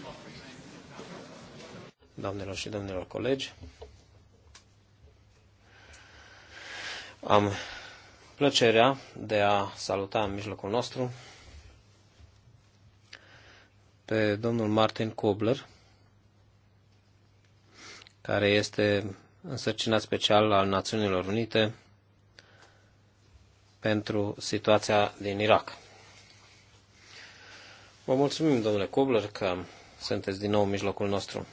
Speaker 1: Doamnelor și domnilor colegi, am plăcerea de a saluta în mijlocul nostru pe domnul Martin Kobler, care este însărcinat special al Națiunilor Unite pentru situația din Irak. Vă mulțumim, domnule Kobler că sunteți din nou în mijlocul nostru.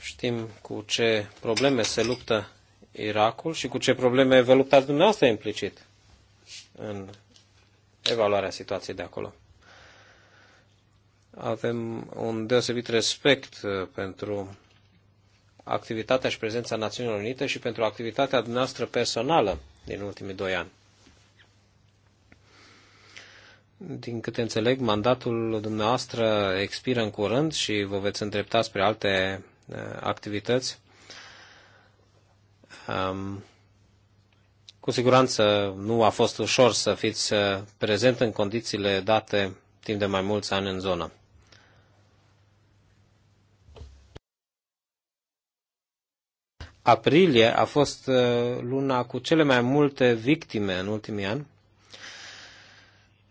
Speaker 1: Știm cu ce probleme se luptă Irakul și cu ce probleme vă luptați dumneavoastră implicit în evaluarea situației de acolo. Avem un deosebit respect uh, pentru activitatea și prezența Națiunilor Unite și pentru activitatea dumneavoastră personală din ultimii doi ani. Din câte înțeleg, mandatul dumneavoastră expiră în curând și vă veți îndrepta spre alte uh, activități. Um, cu siguranță nu a fost ușor să fiți uh, prezent în condițiile date timp de mai mulți ani în zonă. Aprilie a fost uh, luna cu cele mai multe victime în ultimii ani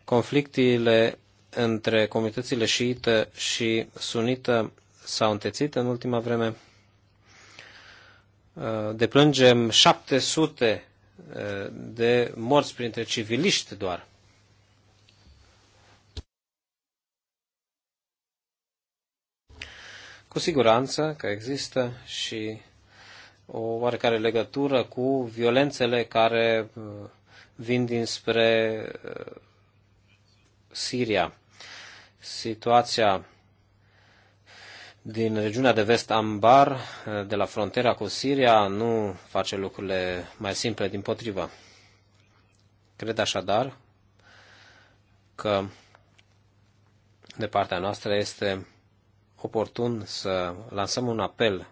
Speaker 1: conflictele între comunitățile șiită și sunită s-au întețit în ultima vreme. Uh, deplângem 700 uh, de morți printre civiliști doar. Cu siguranță că există și o oarecare legătură cu violențele care uh, vin dinspre Siria. Situația din regiunea de vest Ambar, de la frontiera cu Siria, nu face lucrurile mai simple din potrivă. Cred așadar că de partea noastră este oportun să lansăm un apel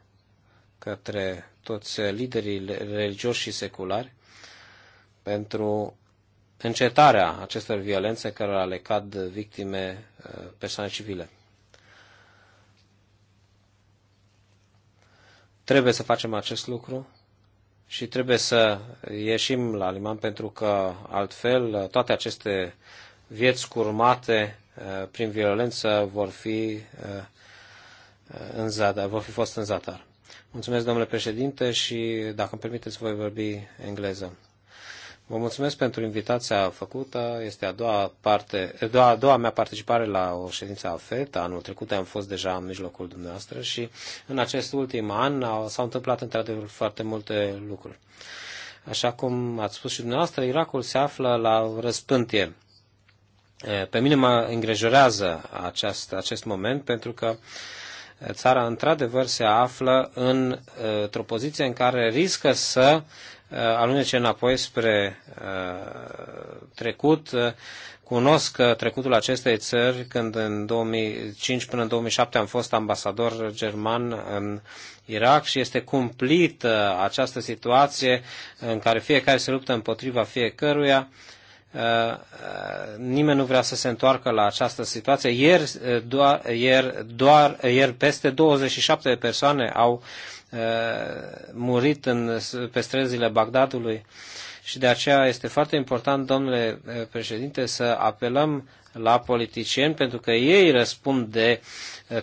Speaker 1: către toți liderii religioși și seculari pentru încetarea acestor violențe care le cad victime uh, persoane civile. Trebuie să facem acest lucru și trebuie să ieșim la liman pentru că altfel toate aceste vieți curmate uh, prin violență vor fi, uh, în zadar, vor fi fost în zadar. Mulțumesc, domnule președinte, și dacă îmi permiteți, voi vorbi engleză. Vă mulțumesc pentru invitația făcută. Este a doua, parte, a doua, a doua mea participare la o ședință a FET. Anul trecut am fost deja în mijlocul dumneavoastră și în acest ultim an s-au întâmplat într-adevăr foarte multe lucruri. Așa cum ați spus și dumneavoastră, Irakul se află la răspântie. Pe mine mă îngrijorează acest, acest moment pentru că țara într-adevăr se află în, într-o poziție în care riscă să Uh, alunece înapoi spre uh, trecut. Uh, cunosc trecutul acestei țări când în 2005 până în 2007 am fost ambasador german în Irak și este cumplită această situație în care fiecare se luptă împotriva fiecăruia Uh, uh, nimeni nu vrea să se întoarcă la această situație. Ieri uh, doar, ieri, doar, ieri peste 27 de persoane au murit în, pe străzile Bagdadului și de aceea este foarte important, domnule președinte, să apelăm la politicieni pentru că ei răspund de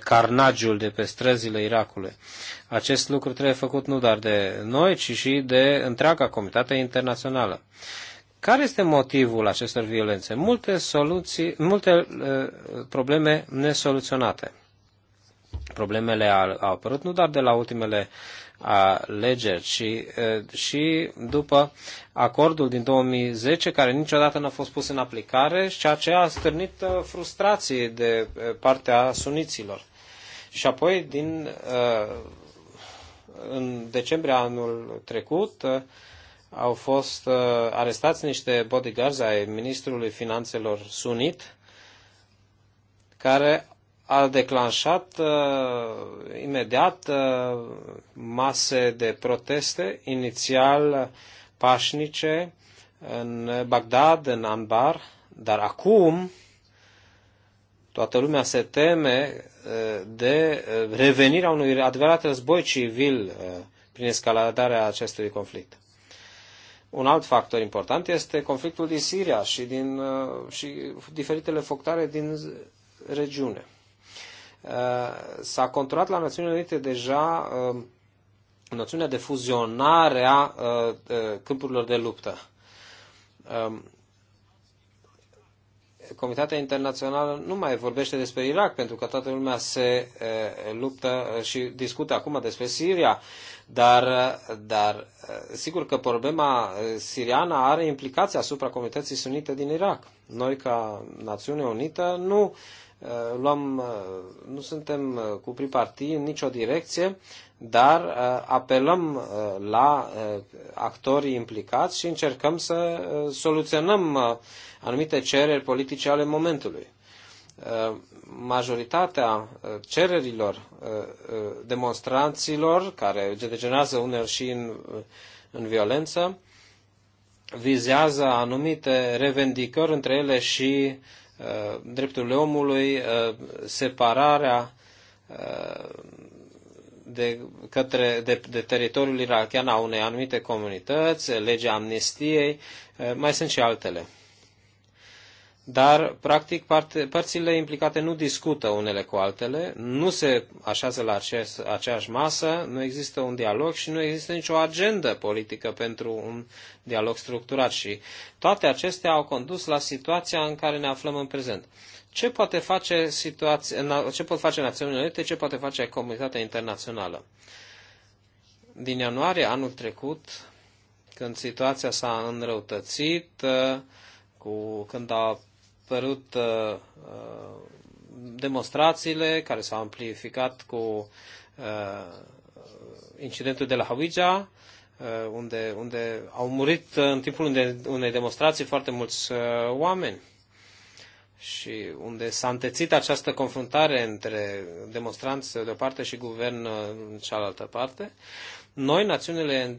Speaker 1: carnagiul de pe străzile Irakului. Acest lucru trebuie făcut nu doar de noi, ci și de întreaga comunitate internațională. Care este motivul acestor violențe? Multe, soluții, multe uh, probleme nesoluționate. Problemele au apărut nu doar de la ultimele alegeri, ci uh, și după acordul din 2010, care niciodată n-a fost pus în aplicare, ceea ce a stârnit uh, frustrații de uh, partea suniților. Și apoi, din, uh, în decembrie anul trecut, uh, au fost uh, arestați niște bodyguards ai ministrului finanțelor sunit, care a declanșat uh, imediat uh, mase de proteste, inițial pașnice, în Bagdad, în Anbar, dar acum toată lumea se teme uh, de uh, revenirea unui adevărat război civil uh, prin escaladarea acestui conflict. Un alt factor important este conflictul din Siria și, din, uh, și diferitele foctare din regiune. Uh, s-a conturat la Națiunile Unite deja uh, noțiunea de fuzionare a câmpurilor de luptă. Um, Comitatea Internațională nu mai vorbește despre Irak, pentru că toată lumea se e, luptă și discută acum despre Siria. Dar, dar sigur că problema eh, siriană are implicații asupra comunității sunite din Irak. Noi, ca Națiune Unită, nu eh, luăm, eh, nu suntem cu pripartii în nicio direcție, dar apelăm la actorii implicați și încercăm să soluționăm anumite cereri politice ale momentului majoritatea uh, cererilor uh, uh, demonstranților, care degenerează uneori și în, în violență, vizează anumite revendicări, între ele și drepturile omului, separarea de, către, de, de teritoriul irachian a unei anumite comunități, legea amnistiei, mai sunt și altele dar practic parte, părțile implicate nu discută unele cu altele, nu se așează la aceeași masă, nu există un dialog și nu există nicio agendă politică pentru un dialog structurat și toate acestea au condus la situația în care ne aflăm în prezent. Ce, poate face situația, ce pot face Națiunile Unite, ce poate face comunitatea internațională? Din ianuarie anul trecut, când situația s-a înrăutățit, uh, cu, când a apărut uh, uh, demonstrațiile care s-au amplificat cu uh, incidentul de la Hawija, unde, unde au murit în timpul unei demonstrații foarte mulți oameni și unde s-a întețit această confruntare între demonstranți de o parte și guvern în cealaltă parte, noi, națiunile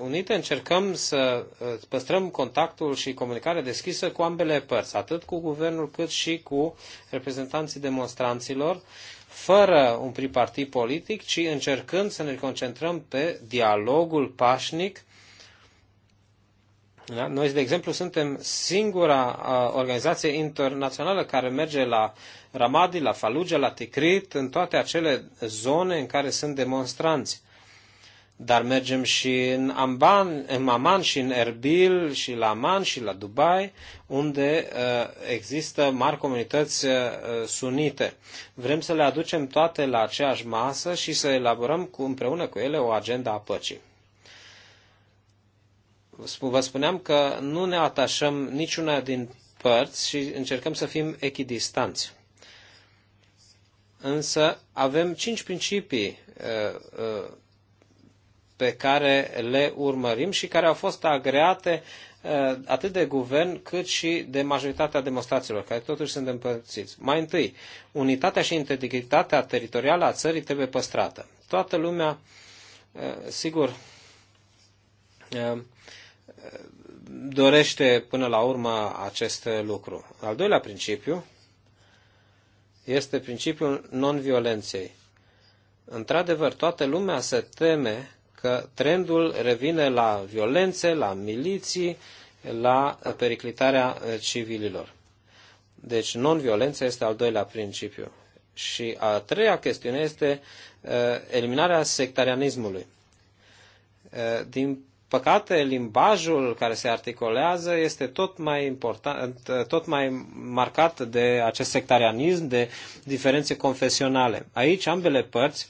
Speaker 1: Unite încercăm să uh, păstrăm contactul și comunicarea deschisă cu ambele părți, atât cu guvernul cât și cu reprezentanții demonstranților, fără un pripartit politic, ci încercând să ne concentrăm pe dialogul pașnic. Da? Noi, de exemplu, suntem singura uh, organizație internațională care merge la Ramadi, la Fallujah, la Tikrit, în toate acele zone în care sunt demonstranți dar mergem și în, Amban, în Amman și în Erbil și la Amman și la Dubai, unde uh, există mari comunități uh, sunite. Vrem să le aducem toate la aceeași masă și să elaborăm cu, împreună cu ele o agenda a păcii. Vă spuneam că nu ne atașăm niciuna din părți și încercăm să fim echidistanți. Însă avem cinci principii uh, uh, pe care le urmărim și care au fost agreate uh, atât de guvern cât și de majoritatea demonstrațiilor, care totuși sunt împărțiți. Mai întâi, unitatea și integritatea teritorială a țării trebuie păstrată. Toată lumea, uh, sigur, uh, dorește până la urmă acest lucru. Al doilea principiu este principiul non-violenței. Într-adevăr, toată lumea se teme că trendul revine la violențe, la miliții, la periclitarea uh, civililor. Deci non-violența este al doilea principiu. Și a treia chestiune este uh, eliminarea sectarianismului. Uh, din păcate, limbajul care se articolează este tot mai important, tot mai marcat de acest sectarianism, de diferențe confesionale. Aici ambele părți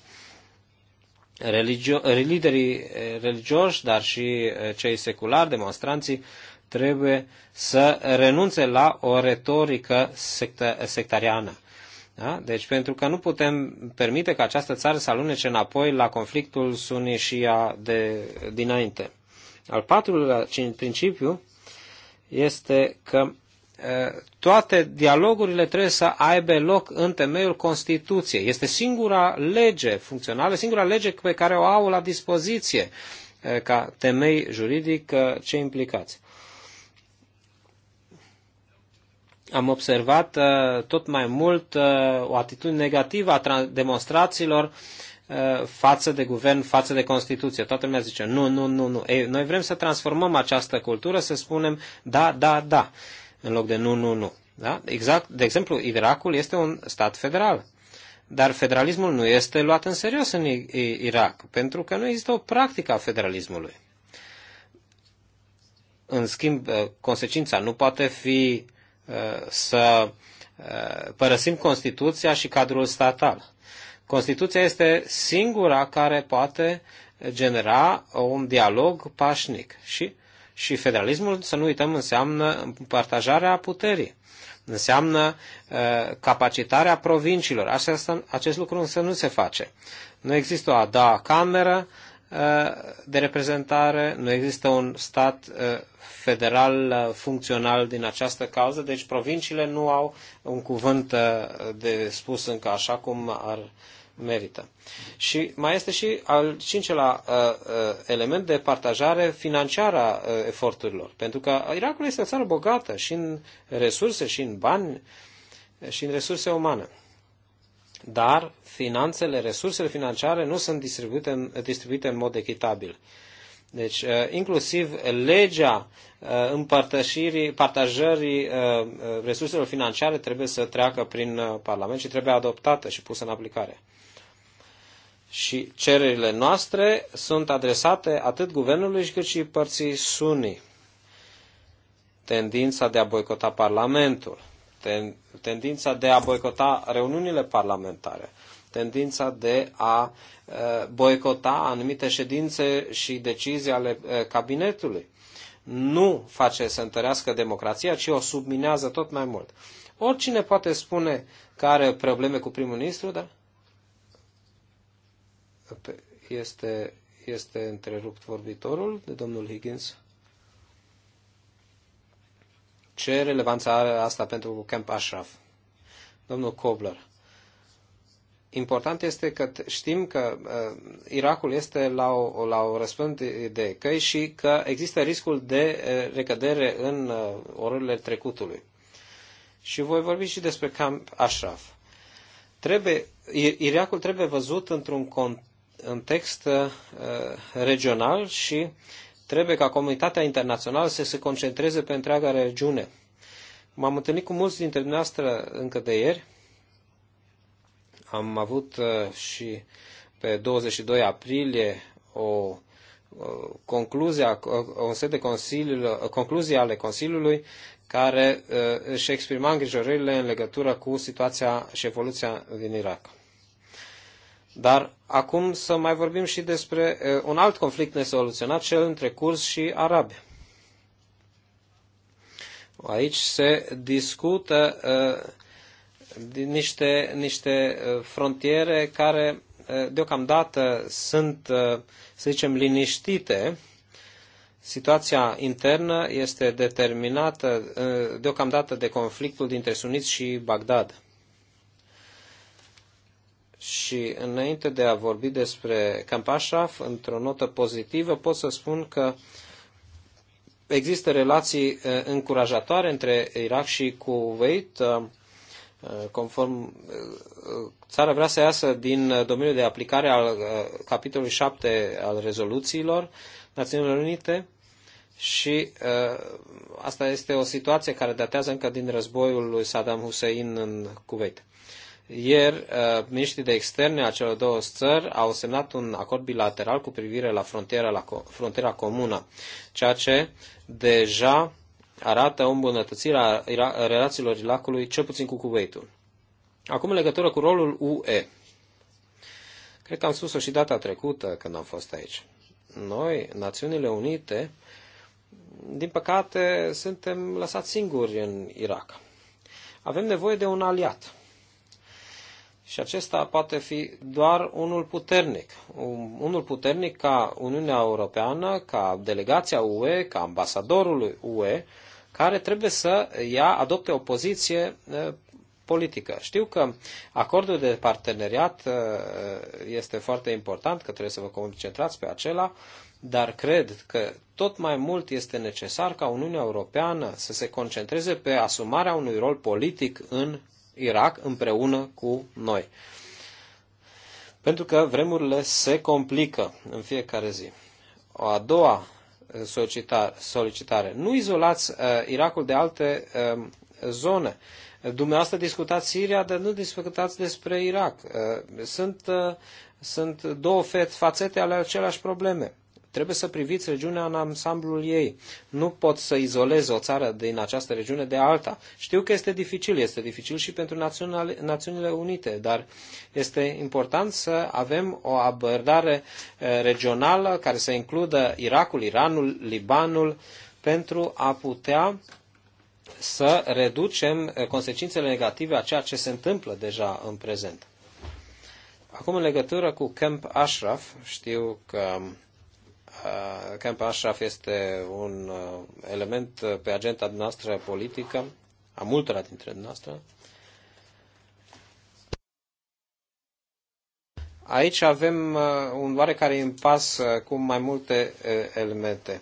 Speaker 1: religio- eh, liderii eh, religioși, dar și eh, cei seculari, demonstranții, trebuie să renunțe la o retorică secta- sectariană. Da? Deci pentru că nu putem permite ca această țară să alunece înapoi la conflictul sunii și a de dinainte. Al patrulea principiu este că toate dialogurile trebuie să aibă loc în temeiul Constituției. Este singura lege funcțională, singura lege pe care o au la dispoziție ca temei juridic ce implicați. Am observat tot mai mult o atitudine negativă a demonstrațiilor față de guvern, față de Constituție. Toată lumea zice, nu, nu, nu, nu. Ei, noi vrem să transformăm această cultură, să spunem, da, da, da. Uh, în loc de nu, nu, nu. Da? Exact, de exemplu, Irakul este un stat federal. Dar federalismul nu este luat în serios în Irak, pentru că nu există o practică a federalismului. În schimb, uh, consecința nu poate fi uh, să uh, părăsim Constituția și cadrul statal. Constituția este singura care poate genera un dialog pașnic și și federalismul, să nu uităm, înseamnă partajarea puterii. Înseamnă uh, capacitarea provinciilor. Acest, acest lucru însă nu se face. Nu există o a doua cameră uh, de reprezentare, nu există un stat uh, federal uh, funcțional din această cauză, deci provinciile nu au un cuvânt uh, de spus încă așa cum ar uh, merită. Și mai este și al cincilea uh, uh, element de partajare financiară a uh, eforturilor. Pentru că Irakul este o țară bogată și în resurse, și în bani, și în resurse umane. Dar finanțele, resursele financiare nu sunt distribuite în, distribuite în mod echitabil. Deci, inclusiv legea împărtășirii, partajării resurselor financiare trebuie să treacă prin Parlament și trebuie adoptată și pusă în aplicare și cererile noastre sunt adresate atât guvernului cât și părții suni. Tendința de a boicota Parlamentul, ten, tendința de a boicota reuniunile parlamentare, tendința de a uh, boicota anumite ședințe și decizii ale uh, cabinetului. Nu face să întărească democrația, ci o subminează tot mai mult. Oricine poate spune că are probleme cu primul ministru dar este, este întrerupt vorbitorul de domnul Higgins. Ce relevanță are asta pentru Camp Ashraf? Domnul Kobler. Important este că știm că uh, Irakul este la o, la o răspândire de căi și că există riscul de uh, recădere în uh, orările trecutului. Și voi vorbi și despre Camp Ashraf. Trebuie, Irakul trebuie văzut într-un context în text uh, regional și trebuie ca comunitatea internațională să se concentreze pe întreaga regiune. M-am întâlnit cu mulți dintre dumneavoastră încă de ieri. Am avut uh, și pe 22 aprilie o uh, concluzie, o set de concluzii ale Consiliului care își exprima îngrijorările în legătură cu situația și evoluția din Irak. Dar acum să mai vorbim și despre eh, un alt conflict nesoluționat, cel între curs și arabi. Aici se discută uh, niște, niște eh, frontiere care uh, deocamdată sunt, uh, să zicem, liniștite. Situația internă este determinată uh, deocamdată de conflictul dintre suniți și Bagdad. Și înainte de a vorbi despre Campașaf, într-o notă pozitivă, pot să spun că există relații eh, încurajatoare între Irak și Kuwait. Eh, conform, eh, țara vrea să iasă din domeniul de aplicare al capitolului 7 al rezoluțiilor Națiunilor Unite și asta este o situație care datează încă din războiul lui Saddam Hussein în Kuwait. Ieri, uh, miniștrii de externe a celor două țări au semnat un acord bilateral cu privire la frontiera, la frontiera comună, ceea ce deja arată o îmbunătățire a relațiilor Irakului, cel puțin cu Kuwaitul. Acum, în legătură cu rolul UE. Cred că am spus-o și data trecută când am fost aici. Noi, Națiunile Unite, din păcate, suntem lăsați singuri în Irak. Avem nevoie de un aliat și acesta poate fi doar unul puternic. Unul puternic ca Uniunea Europeană, ca delegația UE, ca ambasadorul UE, care trebuie să ia, adopte o poziție politică. Știu că acordul de parteneriat este foarte important, că trebuie să vă concentrați pe acela, dar cred că tot mai mult este necesar ca Uniunea Europeană să se concentreze pe asumarea unui rol politic în Irak împreună cu noi. Pentru că vremurile se complică în fiecare zi. O a doua eh, solicitare. Nu izolați uh, Irakul de alte uh, zone. Dumneavoastră discutați Siria, dar nu discutați despre Irak. Uh, sunt, uh, sunt două fațete ale aceleași probleme. Trebuie să priviți regiunea în ansamblul ei. Nu pot să izolez o țară din această regiune de alta. Știu că este dificil, este dificil și pentru Națiunile Unite, dar este important să avem o abordare eh, regională care să includă Irakul, Iranul, Libanul, pentru a putea să reducem eh, consecințele negative a ceea ce se întâmplă deja în prezent. Acum, în legătură cu Camp Ashraf, știu că Uh, Camp Ashraf este un uh, element uh, pe agenda noastră politică, a multora dintre noastre. Aici avem un oarecare impas cu mai multe elemente.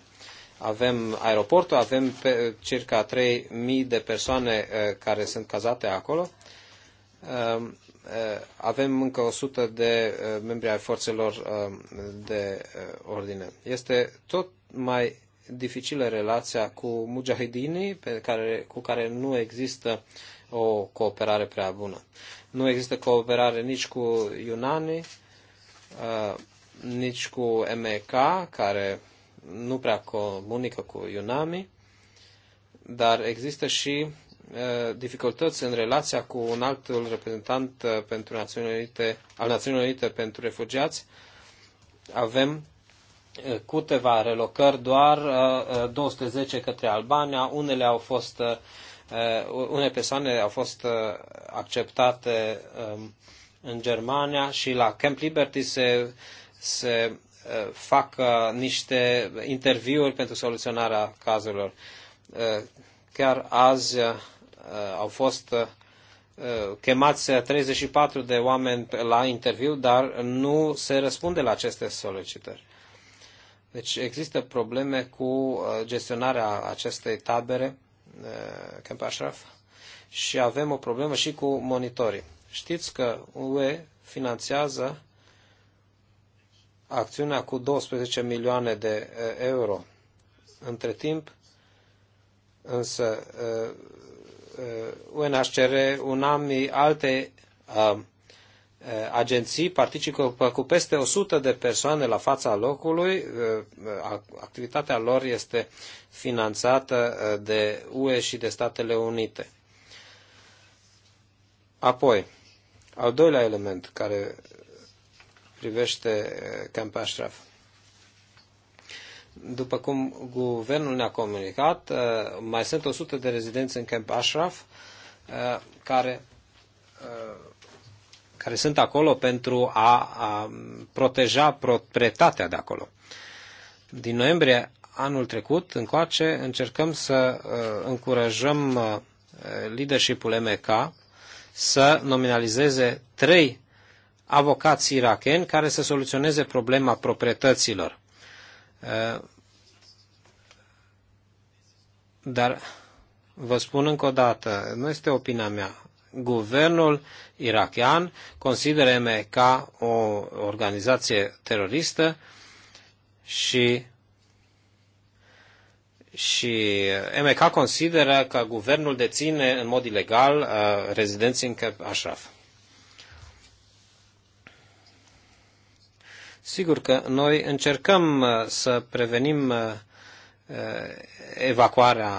Speaker 1: Avem aeroportul, avem pe, circa 3.000 de persoane care sunt cazate acolo. Eh, avem încă 100 de eh, membri ai forțelor eh, de ordine. Este tot mai dificilă relația cu mujahidinii, pe care, cu care nu există o cooperare prea bună. Nu există cooperare nici cu Iunani, nici cu MEK, care nu prea comunică cu Iunami, dar există și Uh, dificultăți în relația cu un altul reprezentant uh, pentru Națiunile Unite, al Națiunilor Unite pentru Refugiați, avem uh, câteva relocări, doar 210 către Albania, unele au fost unele persoane au fost acceptate um, în Germania și la Camp Liberty se, se fac niște interviuri pentru soluționarea cazurilor. Chiar azi Uh, au fost uh, chemați 34 de oameni la interviu, dar nu se răspunde la aceste solicitări. Deci există probleme cu uh, gestionarea acestei tabere, Camp Ashraf, și avem o problemă și cu monitorii. Știți că UE finanțează acțiunea cu 12 milioane de euro. Între timp, însă, UNHCR, uh, UNAMI, alte uh, uh, agenții participă cu peste 100 de persoane la fața locului. Activitatea lor este finanțată de UE și de Statele Unite. Apoi, al doilea element care privește Camp Ashraf – după cum guvernul ne-a comunicat, uh, mai sunt 100 de rezidenți în Camp Ashraf uh, care, uh, care sunt acolo pentru a, a proteja proprietatea de acolo. Din noiembrie anul trecut încoace încercăm să încurajăm leadership-ul MK să nominalizeze trei avocați iracheni care să soluționeze problema proprietăților. Eh, dar vă spun încă o dată, nu este opinia mea. Guvernul irachian consideră MK o organizație teroristă și și MK consideră că guvernul deține în mod ilegal eh, rezidenții în Camp Ashraf. Sigur că noi încercăm uh, să prevenim uh, uh, evacuarea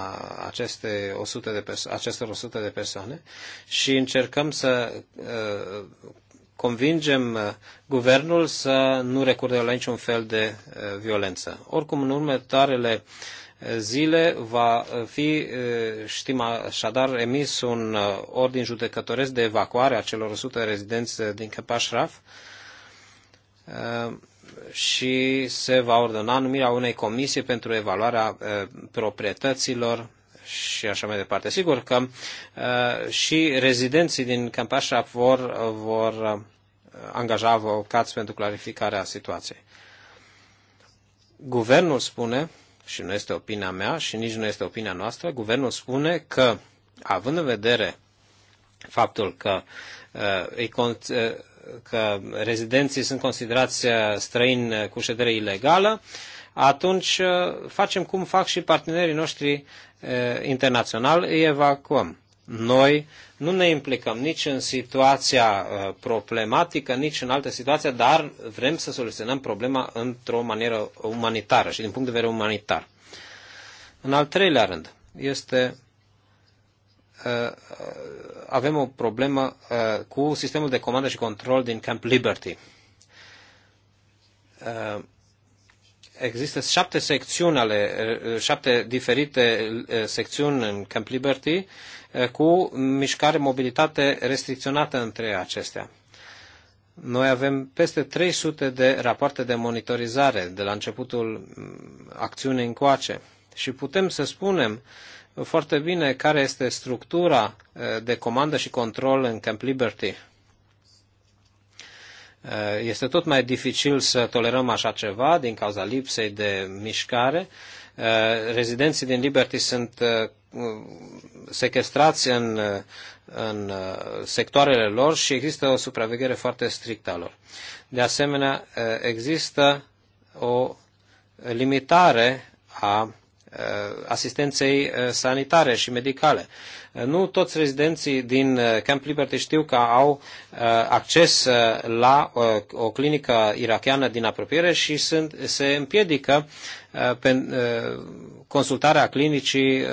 Speaker 1: aceste 100 de acestor 100 de persoane și încercăm să convingem guvernul să nu recurde la niciun fel de violență. Oricum, în următoarele zile va fi, știm așadar, emis un ordin judecătoresc de evacuare a celor 100 rezidenți din Căpașraf, Ehm, și se va ordona numirea unei comisii pentru evaluarea proprietăților și așa mai departe. Sigur că și rezidenții din Campașa vor, vor angaja avocați pentru clarificarea situației. Guvernul spune, și nu este opinia mea și nici nu este opinia noastră, guvernul spune că, având în vedere faptul că îi, cont, că rezidenții sunt considerați uh, străini uh, cu ședere ilegală, atunci uh, facem cum fac și partenerii noștri internaționali, îi evacuăm. Noi nu ne implicăm nici în situația problematică, nici în alte situații, dar vrem să soluționăm problema într-o manieră umanitară și din punct de vedere umanitar. În al treilea rând, este Uh, avem o problemă uh, cu sistemul de comandă și control din Camp Liberty. Uh, există șapte secțiuni ale, șapte diferite secțiuni în Camp Liberty cu mișcare, mobilitate restricționată între acestea. Noi avem peste 300 de rapoarte de monitorizare de la începutul mm, acțiunii încoace și putem să spunem foarte bine care este structura eh, de comandă și control în Camp Liberty. Eh, este tot mai dificil să tolerăm așa ceva din cauza lipsei de mișcare. Eh, rezidenții din Liberty sunt sequestrați în, în sectoarele lor și există o supraveghere foarte strictă a lor. De asemenea, există o limitare a Uh, asistenței uh, sanitare și medicale. Uh, nu toți rezidenții din Camp Liberty știu că au acces la o clinică irachiană din apropiere și sunt, se împiedică pe, consultarea clinicii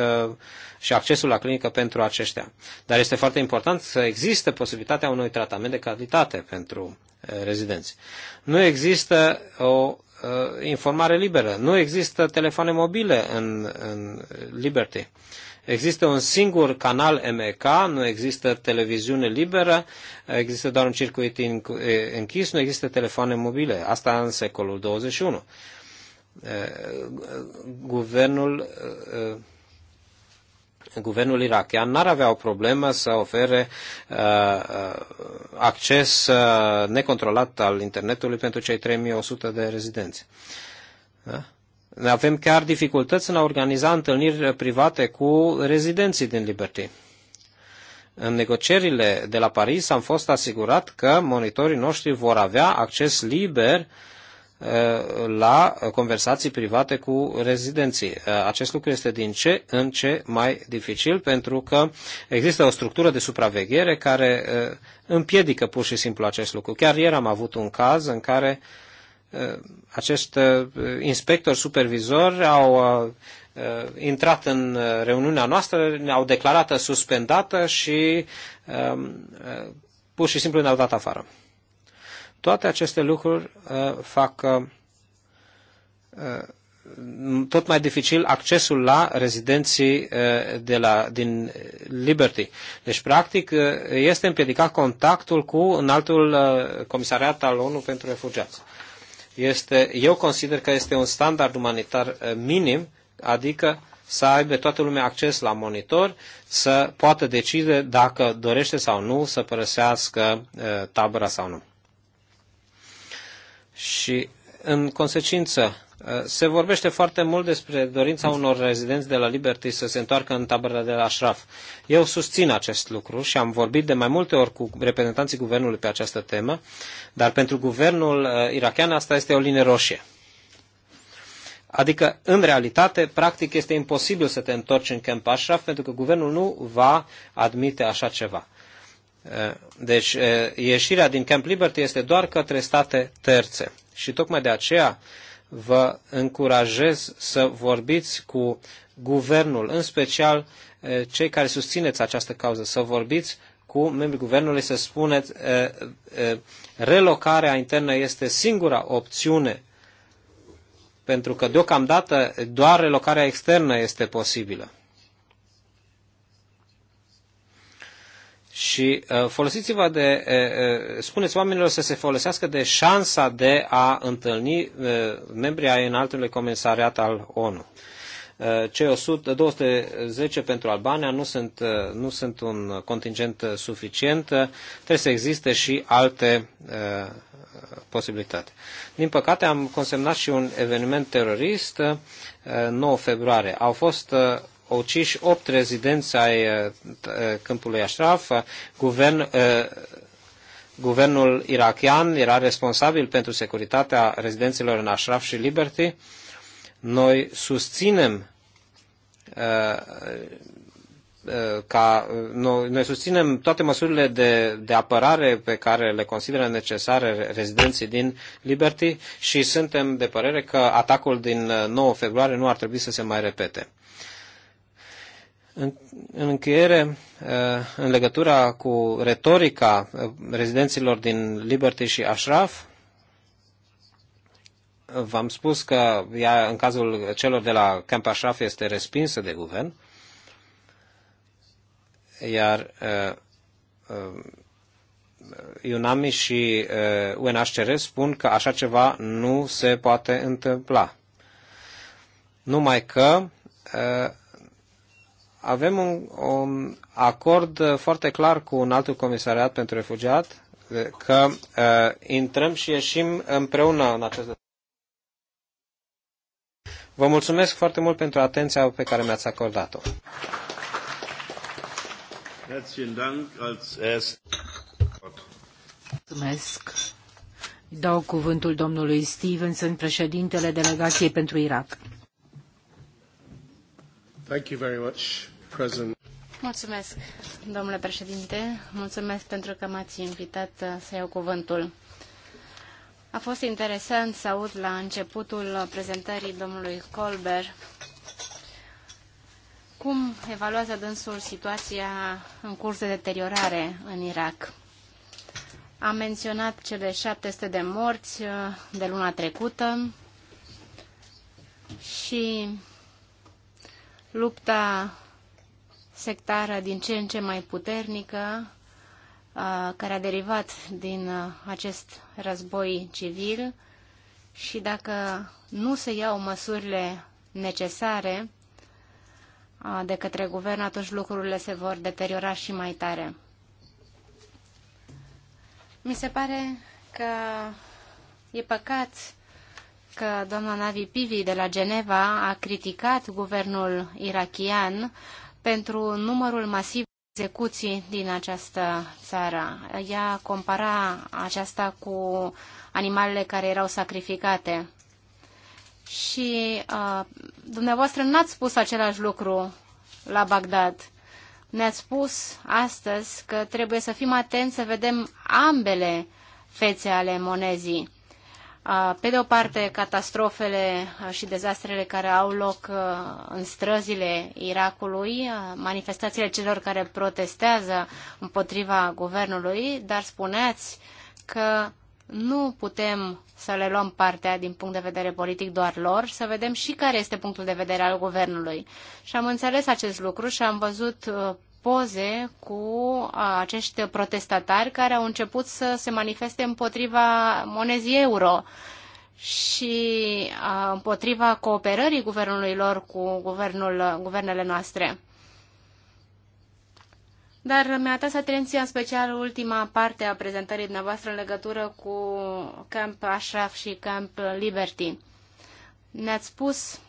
Speaker 1: și accesul la clinică pentru aceștia. Dar este foarte important să existe posibilitatea unui tratament de calitate pentru rezidenți. Nu există o Uh, informare liberă. Nu există telefoane mobile în, în Liberty. Există un singur canal MEK, nu există televiziune liberă, există doar un circuit închis, nu există telefoane mobile. Asta în secolul 21. Uh, guvernul uh, guvernul irachian n-ar avea o problemă să ofere uh, uh acces uh, necontrolat al internetului pentru cei 3100 de rezidenți. Da? Avem chiar dificultăți în a organiza întâlniri private cu rezidenții din Liberty. În negocierile de la Paris am fost asigurat că monitorii noștri vor avea acces liber uh, Uh, la conversații private cu rezidenții. Uh, acest lucru este din ce în ce mai dificil pentru că există o structură de supraveghere care uh, împiedică pur și simplu acest lucru. Chiar ieri am avut un caz în care acest inspector supervizor au intrat în reuniunea noastră, ne-au declarat suspendată și um, pur și simplu ne-au dat afară. Toate aceste lucruri uh, fac uh, uh, tot mai dificil accesul la rezidenții de la, din Liberty. Deci, practic, este împiedicat contactul cu înaltul comisariat al ONU pentru refugiați. Este, eu consider că este un standard umanitar minim, adică să aibă toată lumea acces la monitor, să poată decide dacă dorește sau nu să părăsească tabăra sau nu. Și, în consecință, uh, se vorbește foarte mult despre dorința unor rezidenți de la Liberty să se întoarcă în tabăra de la Ashraf. Eu susțin acest lucru și am vorbit de mai multe ori cu reprezentanții guvernului pe această temă, dar pentru guvernul uh, irachian asta este o linie roșie. Adică, în realitate, practic este imposibil să te întorci în Camp Ashraf pentru că guvernul nu va admite așa ceva. Eh, deci eh, ieșirea din Camp Liberty este doar către state terțe. Și tocmai de aceea vă încurajez să vorbiți cu guvernul, în special eh, cei care susțineți această cauză, să vorbiți cu membrii guvernului, să spuneți relocarea internă este singura opțiune, pentru că deocamdată doar relocarea externă este posibilă. Și uh, folosiți-vă de, uh, uh, spuneți oamenilor să se folosească de șansa de a întâlni membrii ai înaltului comisariat al ONU. Cei 100, 210 pentru Albania nu sunt, nu sunt un contingent suficient, trebuie să existe și alte posibilități. Din păcate am consemnat și un eveniment terorist 9 februarie. Au fost uciși, opt rezidenți ai uh, uh, câmpului Ashraf, uh, guvern, guvernul irachian era responsabil pentru securitatea rezidenților în Ashraf și Liberty. Noi susținem ca noi, noi susținem toate măsurile de, de apărare pe care le consideră necesare rezidenții din Liberty și suntem de părere că atacul din 9 februarie nu ar trebui să se mai repete. În, încheiere, uh, în legătura cu retorica uh, rezidenților din Liberty și Ashraf, v-am spus că ea, în cazul celor de la Camp Ashraf, este respinsă de guvern, iar Iunami uh, și UNHCR spun că așa ceva nu se poate întâmpla. Numai că avem un, un acord uh, foarte clar cu un altul comisariat pentru refugiat uh, că uh, intrăm și ieșim împreună în acest Vă mulțumesc foarte mult pentru atenția pe care mi-ați acordat-o. Mulțumesc. Dau
Speaker 2: cuvântul domnului Stevenson, președintele delegației pentru Irak.
Speaker 1: Thank you very much. President.
Speaker 3: Mulțumesc, domnule președinte. Mulțumesc pentru că m-ați invitat uh, să iau cuvântul. A fost interesant să aud la începutul prezentării domnului Colbert cum evaluează dânsul situația în curs de deteriorare în Irak. A menționat cele 700 de morți uh, de luna trecută și lupta sectară din ce în ce mai puternică, care a derivat din acest război civil și dacă nu se iau măsurile necesare de către guvern, atunci lucrurile se vor deteriora și mai tare. Mi se pare că e păcat că doamna Navi Pivi de la Geneva a criticat guvernul irachian pentru numărul masiv de execuții din această țară. Ea compara aceasta cu animalele care erau sacrificate. Și uh, dumneavoastră n-ați spus același lucru la Bagdad. Ne-ați spus astăzi că trebuie să fim atenți să vedem ambele fețe ale monezii pe de o parte, catastrofele și dezastrele care au loc în străzile Irakului, manifestațiile celor care protestează împotriva guvernului, dar spuneați că nu putem să le luăm partea din punct de vedere politic doar lor, să vedem și care este punctul de vedere al guvernului. Și am înțeles acest lucru și am văzut poze cu acești protestatari care au început să se manifeste împotriva monezii euro și împotriva cooperării guvernului lor cu guvernul, guvernele noastre. Dar mi-a atras atenția în special ultima parte a prezentării dumneavoastră în legătură cu Camp Ashraf și Camp Liberty. Ne-ați spus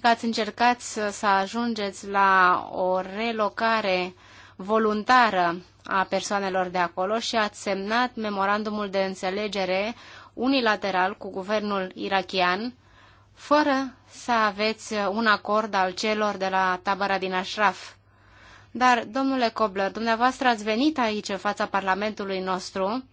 Speaker 3: că ați încercat să, să ajungeți la o relocare voluntară a persoanelor de acolo și ați semnat memorandumul de înțelegere unilateral cu guvernul irachian, fără să aveți un acord al celor de la tabăra din Ashraf. Dar, domnule Cobler, dumneavoastră ați venit aici, în fața Parlamentului nostru,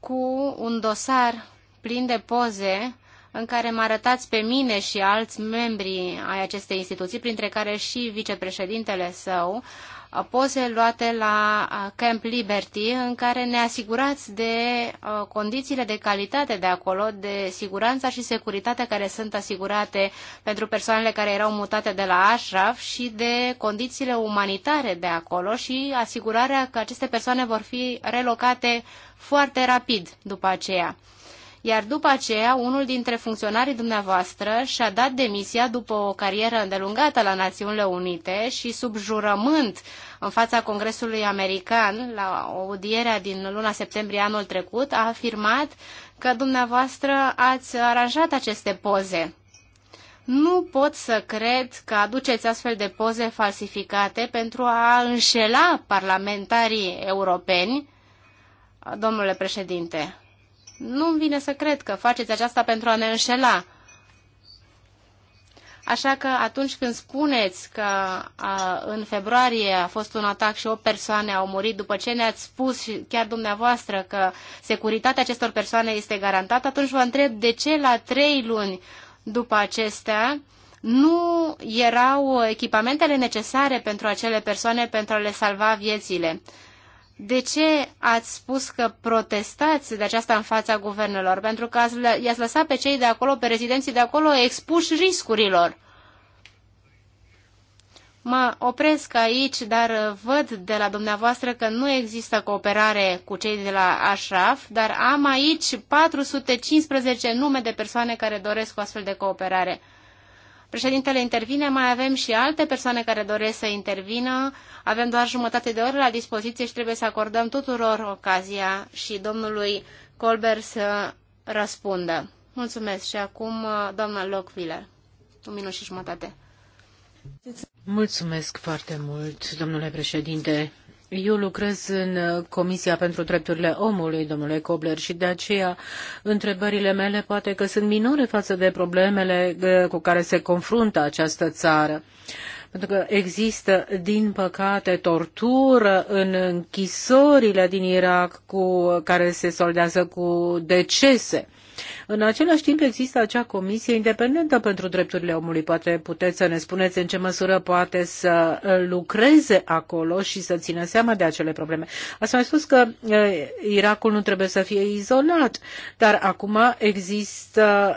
Speaker 3: cu un dosar plin de poze în care mă arătați pe mine și alți membri ai acestei instituții, printre care și vicepreședintele său, poze luate la Camp Liberty, în care ne asigurați de condițiile de calitate de acolo, de siguranța și securitatea care sunt asigurate pentru persoanele care erau mutate de la Ashraf și de condițiile umanitare de acolo și asigurarea că aceste persoane vor fi relocate foarte rapid după aceea iar după aceea unul dintre funcționarii dumneavoastră și-a dat demisia după o carieră îndelungată la Națiunile Unite și sub jurământ în fața Congresului American, la audierea din luna septembrie anul trecut, a afirmat că dumneavoastră ați aranjat aceste poze. Nu pot să cred că aduceți astfel de poze falsificate pentru a înșela parlamentarii europeni, domnule președinte. Nu-mi vine să cred că faceți aceasta pentru a ne înșela. Așa că atunci când spuneți că a, în februarie a fost un atac și o persoană au murit, după ce ne-ați spus și chiar dumneavoastră că securitatea acestor persoane este garantată, atunci vă întreb de ce la trei luni după acestea nu erau echipamentele necesare pentru acele persoane pentru a le salva viețile de ce ați spus că protestați de aceasta în fața guvernelor? Pentru că ați, i-ați lăsat pe cei de acolo, pe rezidenții de acolo, expuși riscurilor. Mă opresc aici, dar văd de la dumneavoastră că nu există cooperare cu cei de la Ashraf, dar am aici 415 nume de persoane care doresc o astfel de cooperare. Președintele intervine, mai avem și alte persoane care doresc să intervină. Avem doar jumătate de oră la dispoziție și trebuie să acordăm tuturor ocazia și domnului Colbert să răspundă. Mulțumesc și acum uh, doamna Lockviller. Un minut și jumătate.
Speaker 2: Mulțumesc foarte mult, domnule președinte. Eu lucrez în uh, Comisia pentru Drepturile Omului, domnule Cobler, și de aceea întrebările mele poate că sunt minore față de problemele uh, cu care se confruntă această țară. Pentru că există, din păcate, tortură în închisorile din Irak cu, care se soldează cu decese. În același timp există acea comisie independentă pentru drepturile omului. Poate puteți să ne spuneți în ce măsură poate să lucreze acolo și să țină seama de acele probleme. Ați mai spus că Irakul nu trebuie să fie izolat, dar acum există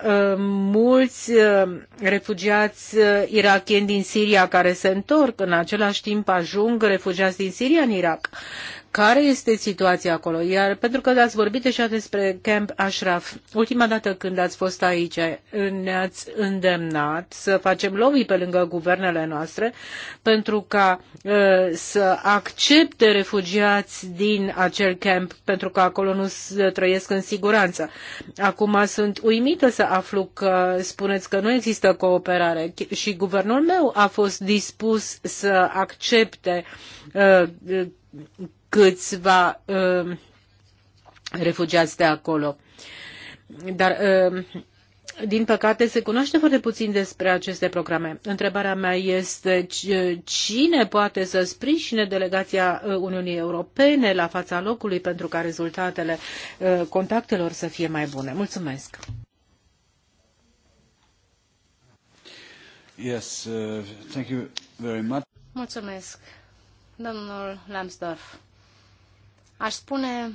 Speaker 2: mulți refugiați irakieni din Siria care se întorc, în același timp ajung refugiați din Siria în Irak care este situația acolo. Iar pentru că ați vorbit deja despre Camp Ashraf, ultima dată când ați fost aici, ne-ați îndemnat să facem lobby pe lângă guvernele noastre pentru ca uh, să accepte refugiați din acel camp, pentru că acolo nu uh, trăiesc în siguranță. Acum sunt uimită să aflu că spuneți că nu există cooperare și guvernul meu a fost dispus să accepte uh, câțiva um, refugiați de acolo. Dar um, din păcate, se cunoaște foarte puțin despre aceste programe. Întrebarea mea este cine poate să sprijine delegația uh, Uniunii Europene la fața locului pentru ca rezultatele uh, contactelor să fie mai bune. Mulțumesc!
Speaker 3: Yes, uh, thank you very much. Mulțumesc, domnul Lambsdorff. Aș spune,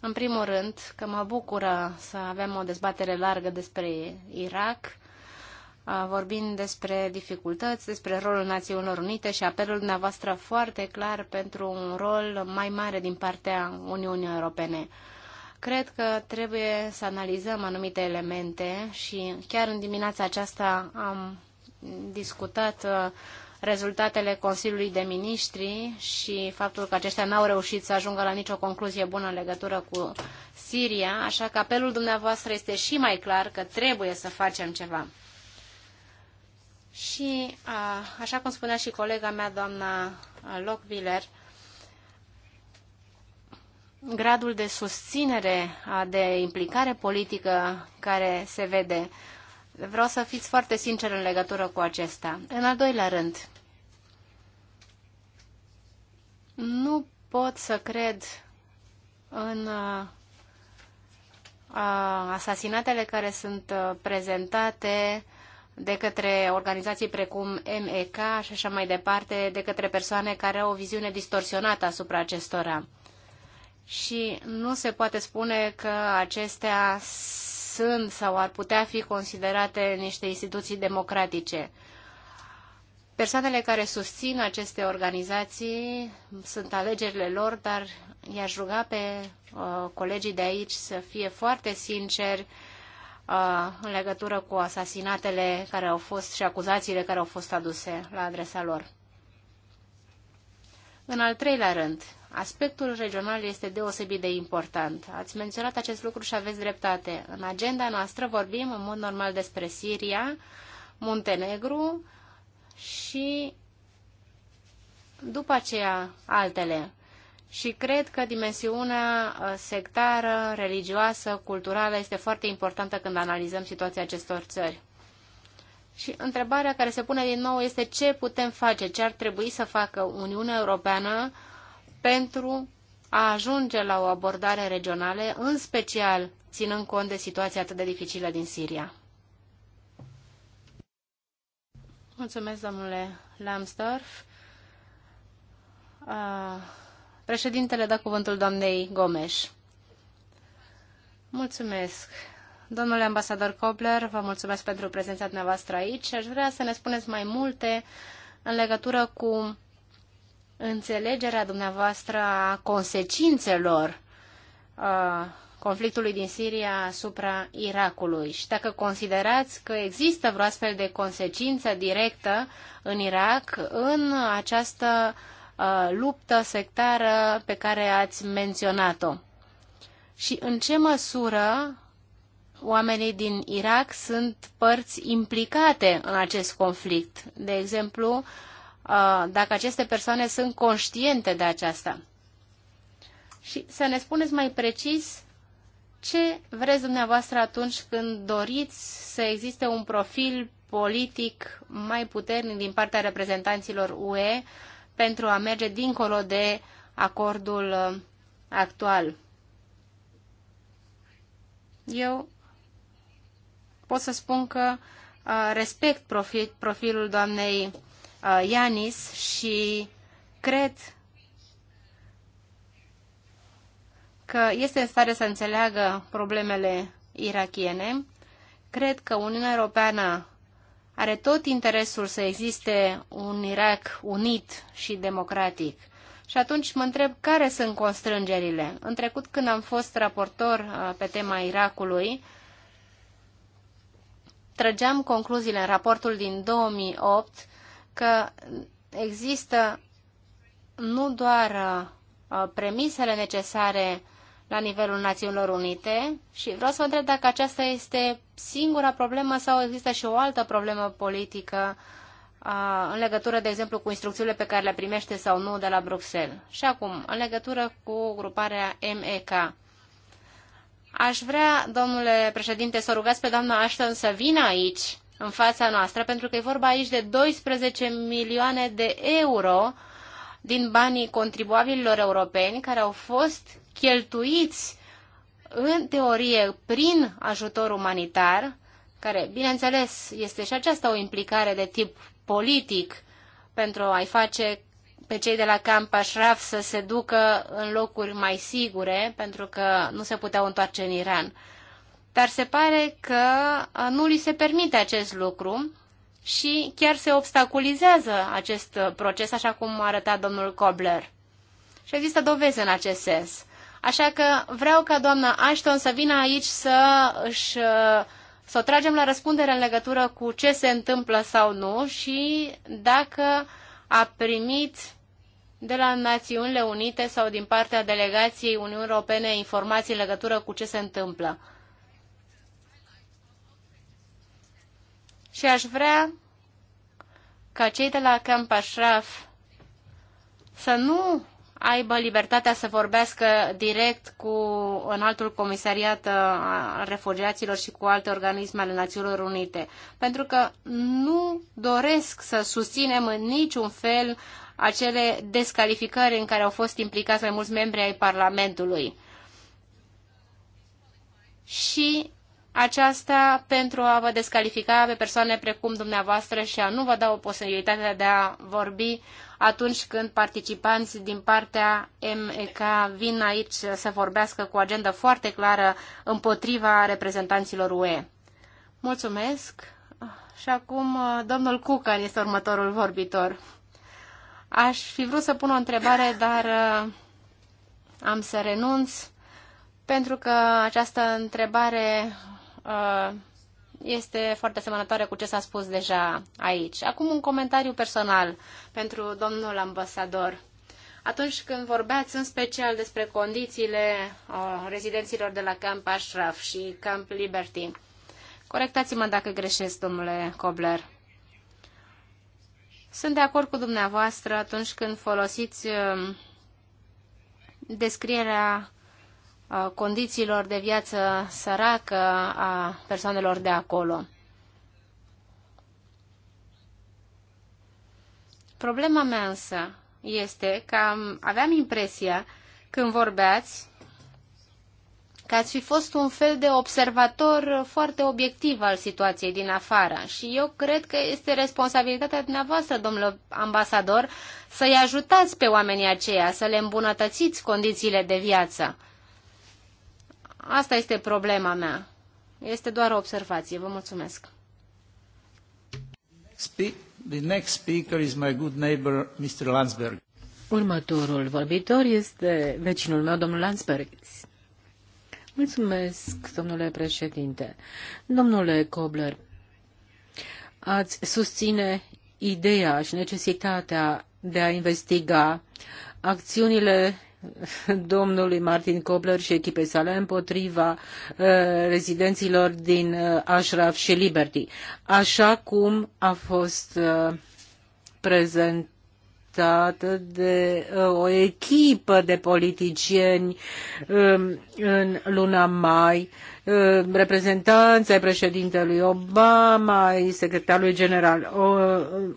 Speaker 3: în primul rând, că mă bucură să avem o dezbatere largă despre Irak, vorbind despre dificultăți, despre rolul Națiunilor Unite și apelul dumneavoastră foarte clar pentru un rol mai mare din partea Uniunii Europene. Cred că trebuie să analizăm anumite elemente și chiar în dimineața aceasta am discutat rezultatele Consiliului de Ministri și faptul că aceștia n-au reușit să ajungă la nicio concluzie bună în legătură cu Siria, așa că apelul dumneavoastră este și mai clar că trebuie să facem ceva. Și, așa cum spunea și colega mea, doamna Lockbiller, gradul de susținere, de implicare politică care se vede. Vreau să fiți foarte sincer în legătură cu acesta. În al doilea rând, nu pot să cred în uh, asasinatele care sunt uh, prezentate de către organizații precum MEK și așa mai departe, de către persoane care au o viziune distorsionată asupra acestora. Și nu se poate spune că acestea sunt sau ar putea fi considerate niște instituții democratice. Persoanele care susțin aceste organizații sunt alegerile lor, dar i-aș ruga pe uh, colegii de aici să fie foarte sinceri uh, în legătură cu asasinatele care au fost și acuzațiile care au fost aduse la adresa lor. În al treilea rând, aspectul regional este deosebit de important. Ați menționat acest lucru și aveți dreptate. În agenda noastră vorbim în mod normal despre Siria, Muntenegru, și după aceea altele. Și cred că dimensiunea ă, sectară, religioasă, culturală este foarte importantă când analizăm situația acestor țări. Și întrebarea care se pune din nou este ce putem face, ce ar trebui să facă Uniunea Europeană pentru a ajunge la o abordare regională, în special ținând cont de situația atât de dificilă din Siria. Mulțumesc, domnule Lambsdorff. Președintele dă cuvântul doamnei Gomes. Mulțumesc. Domnule ambasador Kobler, vă mulțumesc pentru prezența dumneavoastră aici. Aș vrea să ne spuneți mai multe în legătură cu înțelegerea dumneavoastră a consecințelor conflictului din Siria asupra Irakului și dacă considerați că există vreo astfel de consecință directă în Irak în această uh, luptă sectară pe care ați menționat-o. Și în ce măsură oamenii din Irak sunt părți implicate în acest conflict? De exemplu, uh, dacă aceste persoane sunt conștiente de aceasta. Și să ne spuneți mai precis ce vreți dumneavoastră atunci când doriți să existe un profil politic mai puternic din partea reprezentanților UE pentru a merge dincolo de acordul uh, actual. Eu pot să spun că uh, respect profil, profilul doamnei uh, Ianis și cred că este în stare să înțeleagă problemele irakiene. Cred că Uniunea Europeană are tot interesul să existe un Irak unit și democratic. Și atunci mă întreb care sunt constrângerile. În trecut, când am fost raportor uh, pe tema Irakului, trăgeam concluziile în raportul din 2008 că există nu doar uh, premisele necesare la nivelul Națiunilor Unite și vreau să vă întreb dacă aceasta este singura problemă sau există și o altă problemă politică a, în legătură, de exemplu, cu instrucțiile pe care le primește sau nu de la Bruxelles. Și acum, în legătură cu gruparea MEK. Aș vrea, domnule președinte, să o rugați pe doamna Ashton să vină aici, în fața noastră, pentru că e vorba aici de 12 milioane de euro din banii contribuabililor europeni care au fost cheltuiți în teorie prin ajutor umanitar, care, bineînțeles, este și aceasta o implicare de tip politic pentru a-i face pe cei de la Camp Ashraf să se ducă în locuri mai sigure, pentru că nu se puteau întoarce în Iran. Dar se pare că nu li se permite acest lucru și chiar se obstaculizează acest uh, proces, așa cum arăta domnul Kobler. Și există dovezi în acest sens. Așa că vreau ca doamna Ashton să vină aici să își uh, să o tragem la răspundere în legătură cu ce se întâmplă sau nu și dacă a primit de la Națiunile Unite sau din partea delegației Uniunii Europene informații în legătură cu ce se întâmplă. Și aș vrea ca cei de la Camp Ashraf să nu aibă libertatea să vorbească direct cu un altul comisariat uh, al refugiaților și cu alte organisme ale Națiunilor Unite. Pentru că nu doresc să susținem în niciun fel acele descalificări în care au fost implicați mai mulți membri ai Parlamentului. Și aceasta pentru a vă descalifica pe persoane precum dumneavoastră și a nu vă da o posibilitate de a vorbi atunci când participanți din partea MEK vin aici să vorbească cu o agendă foarte clară împotriva reprezentanților UE. Mulțumesc! Și acum domnul Cucan este următorul vorbitor. Aș fi vrut să pun o întrebare, dar uh, am să renunț pentru că această întrebare Uh, este foarte asemănătoare cu ce s-a spus deja aici. Acum un comentariu personal pentru domnul ambasador. Atunci când vorbeați în special despre condițiile uh, rezidenților de la Camp Ashraf și Camp Liberty, corectați-mă dacă greșesc, domnule Kobler. Sunt de acord cu dumneavoastră atunci când folosiți uh, descrierea condițiilor de viață săracă a persoanelor de acolo. Problema mea însă este că aveam impresia când vorbeați că ați fi fost un fel de observator foarte obiectiv al situației din afară și eu cred că este responsabilitatea dumneavoastră, domnule ambasador, să-i ajutați pe oamenii aceia, să le îmbunătățiți condițiile de viață. Asta este problema mea. Este doar o observație. Vă mulțumesc.
Speaker 1: The next speaker is my good neighbor, Mr. Landsberg.
Speaker 2: Următorul vorbitor este vecinul meu, domnul Landsberg. Mulțumesc, domnule președinte. Domnule Kobler, ați susține ideea și necesitatea de a investiga acțiunile domnului Martin Kobler și echipei sale împotriva uh, rezidenților din uh, Ashraf și Liberty, așa cum a fost uh, prezent reprezentată de uh, o echipă de politicieni um, în luna mai, um, reprezentanți ai președintelui Obama, ai secretarului general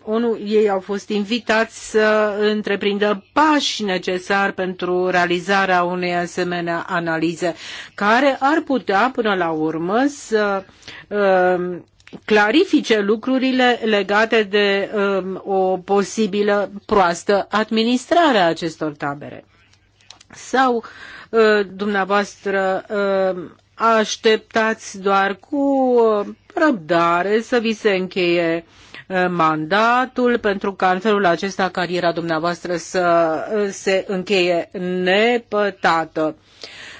Speaker 2: ONU, uh, ei au fost invitați să întreprindă pași necesari pentru realizarea unei asemenea analize, care ar putea până la urmă să um, clarifice lucrurile legate de um, o posibilă proastă administrare a acestor tabere. Sau uh, dumneavoastră uh, așteptați doar cu uh, răbdare să vi se încheie uh, mandatul, pentru ca în felul acesta cariera dumneavoastră să uh, se încheie nepătată.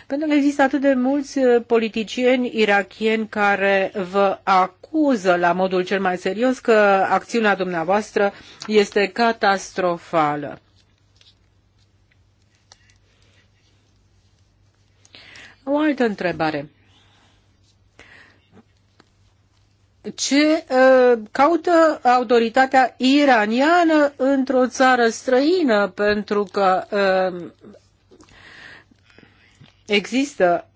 Speaker 2: Pentru că există atât de mulți politicieni irachieni care vă acordă acuză la modul cel mai serios că acțiunea dumneavoastră este catastrofală. O altă întrebare. ce uh, caută autoritatea iraniană într-o țară străină, pentru că uh, există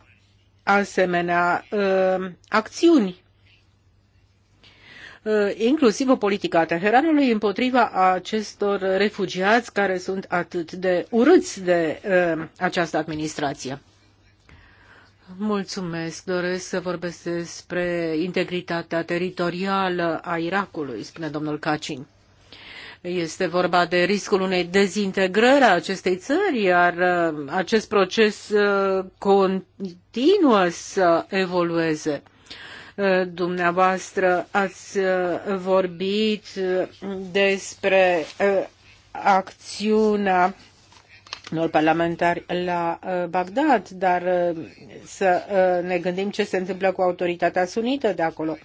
Speaker 2: asemenea uh, acțiuni Uh, inclusiv o politică a Teheranului împotriva acestor refugiați care sunt atât de urâți de uh, această administrație. Mulțumesc. Doresc să vorbesc despre integritatea teritorială a Irakului, spune domnul Cacin. Este vorba de riscul unei dezintegrări a acestei țări, iar uh, acest proces continuă să evolueze. Eh, dumneavoastră ați eh, vorbit eh, despre acțiunea unor parlamentari la Bagdad, dar să ne gândim ce se întâmplă cu autoritatea sunită de acolo.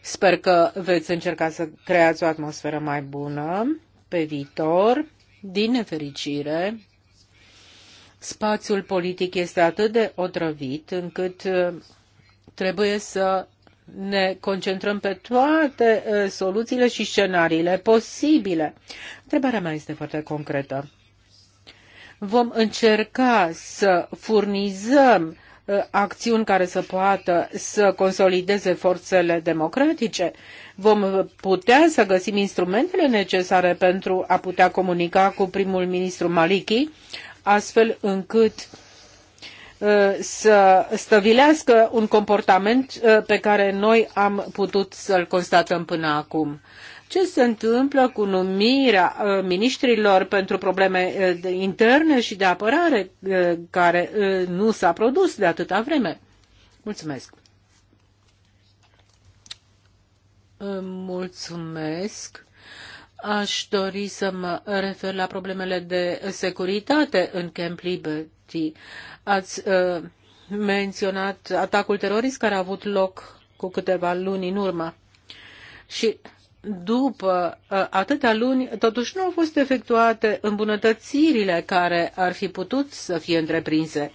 Speaker 2: Sper că veți încerca să creați o atmosferă mai bună pe viitor. Din nefericire, spațiul politic este atât de otrăvit încât Trebuie să ne concentrăm pe toate uh, soluțiile și scenariile posibile. Întrebarea mea este foarte concretă. Vom încerca să furnizăm uh, acțiuni care să poată să consolideze forțele democratice. Vom putea să găsim instrumentele necesare pentru a putea comunica cu primul ministru Maliki, astfel încât Uh, să stăvilească un comportament uh, pe care noi am putut să-l constatăm până acum. Ce se întâmplă cu numirea uh, ministrilor pentru probleme interne și de apărare care nu s-a produs de atâta vreme? Mulțumesc! Mulțumesc! Aș dori să mă refer la problemele de securitate în Camp Liberty. Ați uh, menționat atacul terorist care a avut loc cu câteva luni în urmă. Și după uh, atâtea luni, totuși nu au fost efectuate îmbunătățirile care ar fi putut să fie întreprinse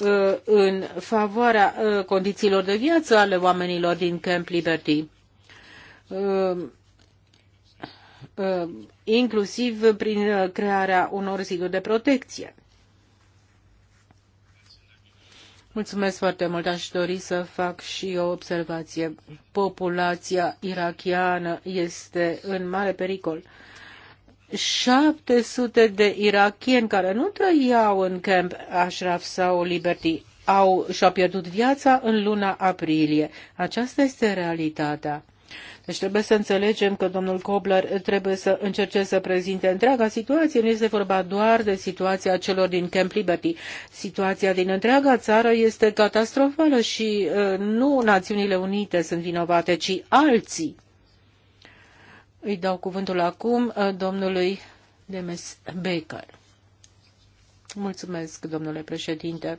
Speaker 2: uh, în favoarea uh, condițiilor de viață ale oamenilor din Camp Liberty. Uh, Uh, inclusiv prin uh, crearea unor ziduri de protecție. Mulțumesc foarte mult. Aș dori să fac și o observație. Populația irakiană este în mare pericol. 700 de irakieni care nu trăiau în camp Ashraf sau Liberty au și-au pierdut viața în luna aprilie. Aceasta este realitatea. Deci trebuie să înțelegem că domnul Kobler trebuie să încerce să prezinte întreaga situație. Nu este vorba doar de situația celor din Camp Liberty. Situația din întreaga țară este catastrofală și uh, nu Națiunile Unite sunt vinovate, ci alții. Îi dau cuvântul acum uh, domnului Demes Baker. Mulțumesc, domnule președinte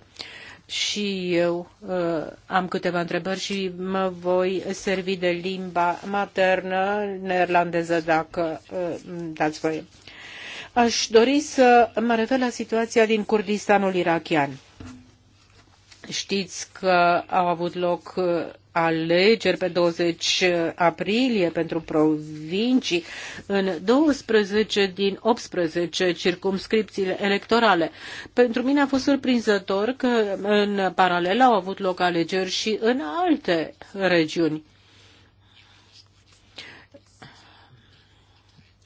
Speaker 2: și eu uh, am câteva întrebări și mă voi servi de limba maternă neerlandeză dacă uh, dați voie. Aș dori să mă refer la situația din Kurdistanul irachian. Știți că au avut loc uh, alegeri pe 20 aprilie pentru provincii în 12 din 18 circumscripțiile electorale. Pentru mine a fost surprinzător că în paralel au avut loc alegeri și în alte regiuni.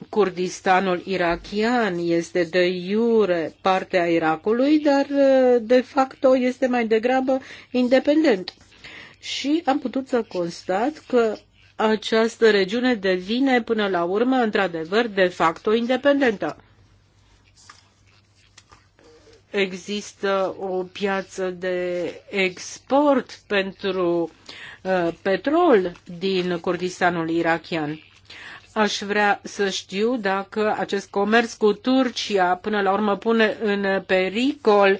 Speaker 2: Kurdistanul irachian este de iure parte a Irakului, dar de facto este mai degrabă independent și am putut să constat că această regiune devine până la urmă, într-adevăr, de facto independentă. Există o piață de export pentru uh, petrol din Kurdistanul irachian. Aș vrea să știu dacă acest comerț cu Turcia până la urmă pune în pericol uh,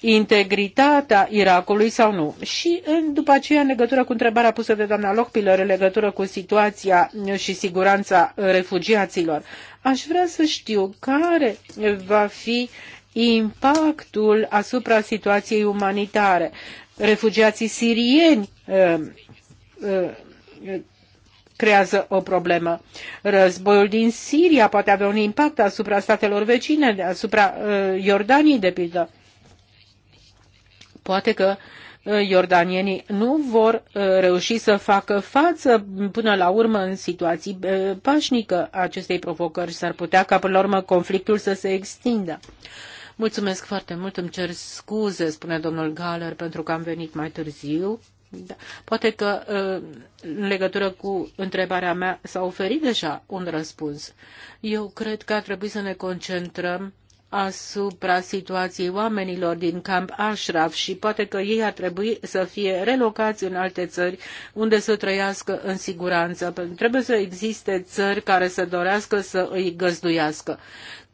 Speaker 2: integritatea Irakului sau nu. Și în, după aceea, în legătură cu întrebarea pusă de doamna Lochpiller în legătură cu situația și siguranța refugiaților, aș vrea să știu care va fi impactul asupra situației umanitare. Refugiații sirieni uh, uh, creează o problemă. Războiul din Siria poate avea un impact asupra statelor vecine, asupra uh, Iordaniei, de pildă. Poate că uh, iordanienii nu vor uh, reuși să facă față până la urmă în situații uh, pașnică acestei provocări. S-ar putea ca până la urmă conflictul să se extindă. Mulțumesc foarte mult, îmi cer scuze, spune domnul Galer, pentru că am venit mai târziu. Da. Poate că în legătură cu întrebarea mea s-a oferit deja un răspuns. Eu cred că ar trebui să ne concentrăm asupra situației oamenilor din Camp Ashraf și poate că ei ar trebui să fie relocați în alte țări unde să trăiască în siguranță. Trebuie să existe țări care să dorească să îi găzduiască.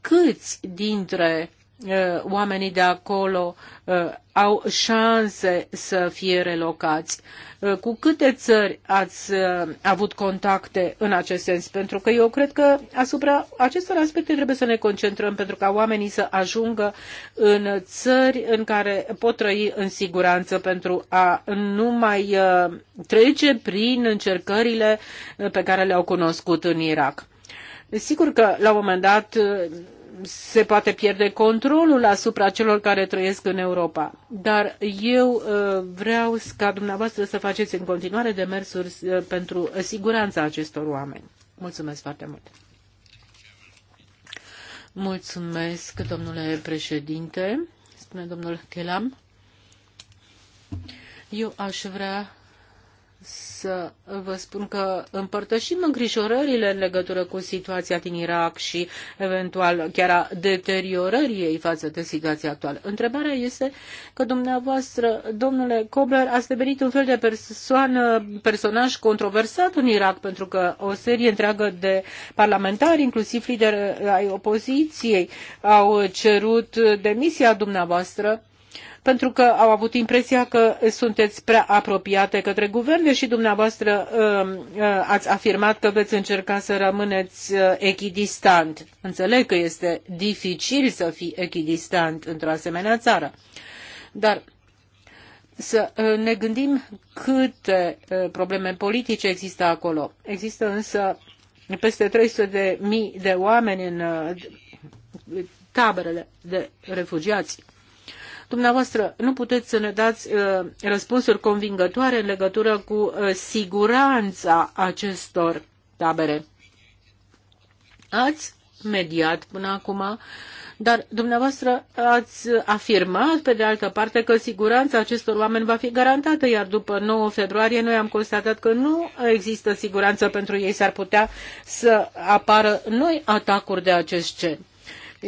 Speaker 2: Câți dintre Eh, oamenii de acolo eh, au șanse să fie relocați. Eh, cu câte țări ați avut contacte în acest sens? Pentru că eu cred că asupra acestor aspecte trebuie să ne concentrăm pentru ca oamenii să ajungă în țări în care pot trăi în siguranță pentru a nu mai trece prin încercările pe care le-au cunoscut în Irak. Sigur că la un moment dat se poate pierde controlul asupra celor care trăiesc în Europa. Dar eu uh, vreau ca dumneavoastră să faceți în continuare demersuri uh, pentru siguranța acestor oameni. Mulțumesc foarte mult! Mulțumesc, domnule președinte, spune domnul Chelam. Eu aș vrea să vă spun că împărtășim îngrijorările în legătură cu situația din Irak și eventual chiar a deteriorării ei față de situația actuală. Întrebarea este că dumneavoastră, domnule Kobler, ați devenit un fel de persoană, personaj controversat în Irak pentru că o serie întreagă de parlamentari, inclusiv lideri ai opoziției, au cerut demisia dumneavoastră pentru că au avut impresia că sunteți prea apropiate către guverne și dumneavoastră um, uh, ați afirmat că veți încerca să rămâneți uh, echidistant. Înțeleg că este dificil să fii echidistant într-o asemenea țară, dar să uh, ne gândim câte probleme politice există acolo. Există însă peste 300 de mii de oameni în taberele de refugiați. Dumneavoastră, nu puteți să ne dați uh, răspunsuri convingătoare în legătură cu uh, siguranța acestor tabere. Ați mediat până acum, dar dumneavoastră ați afirmat, pe de altă parte, că siguranța acestor oameni va fi garantată, iar după 9 februarie noi am constatat că nu există siguranță pentru ei, s-ar putea să apară noi atacuri de acest gen.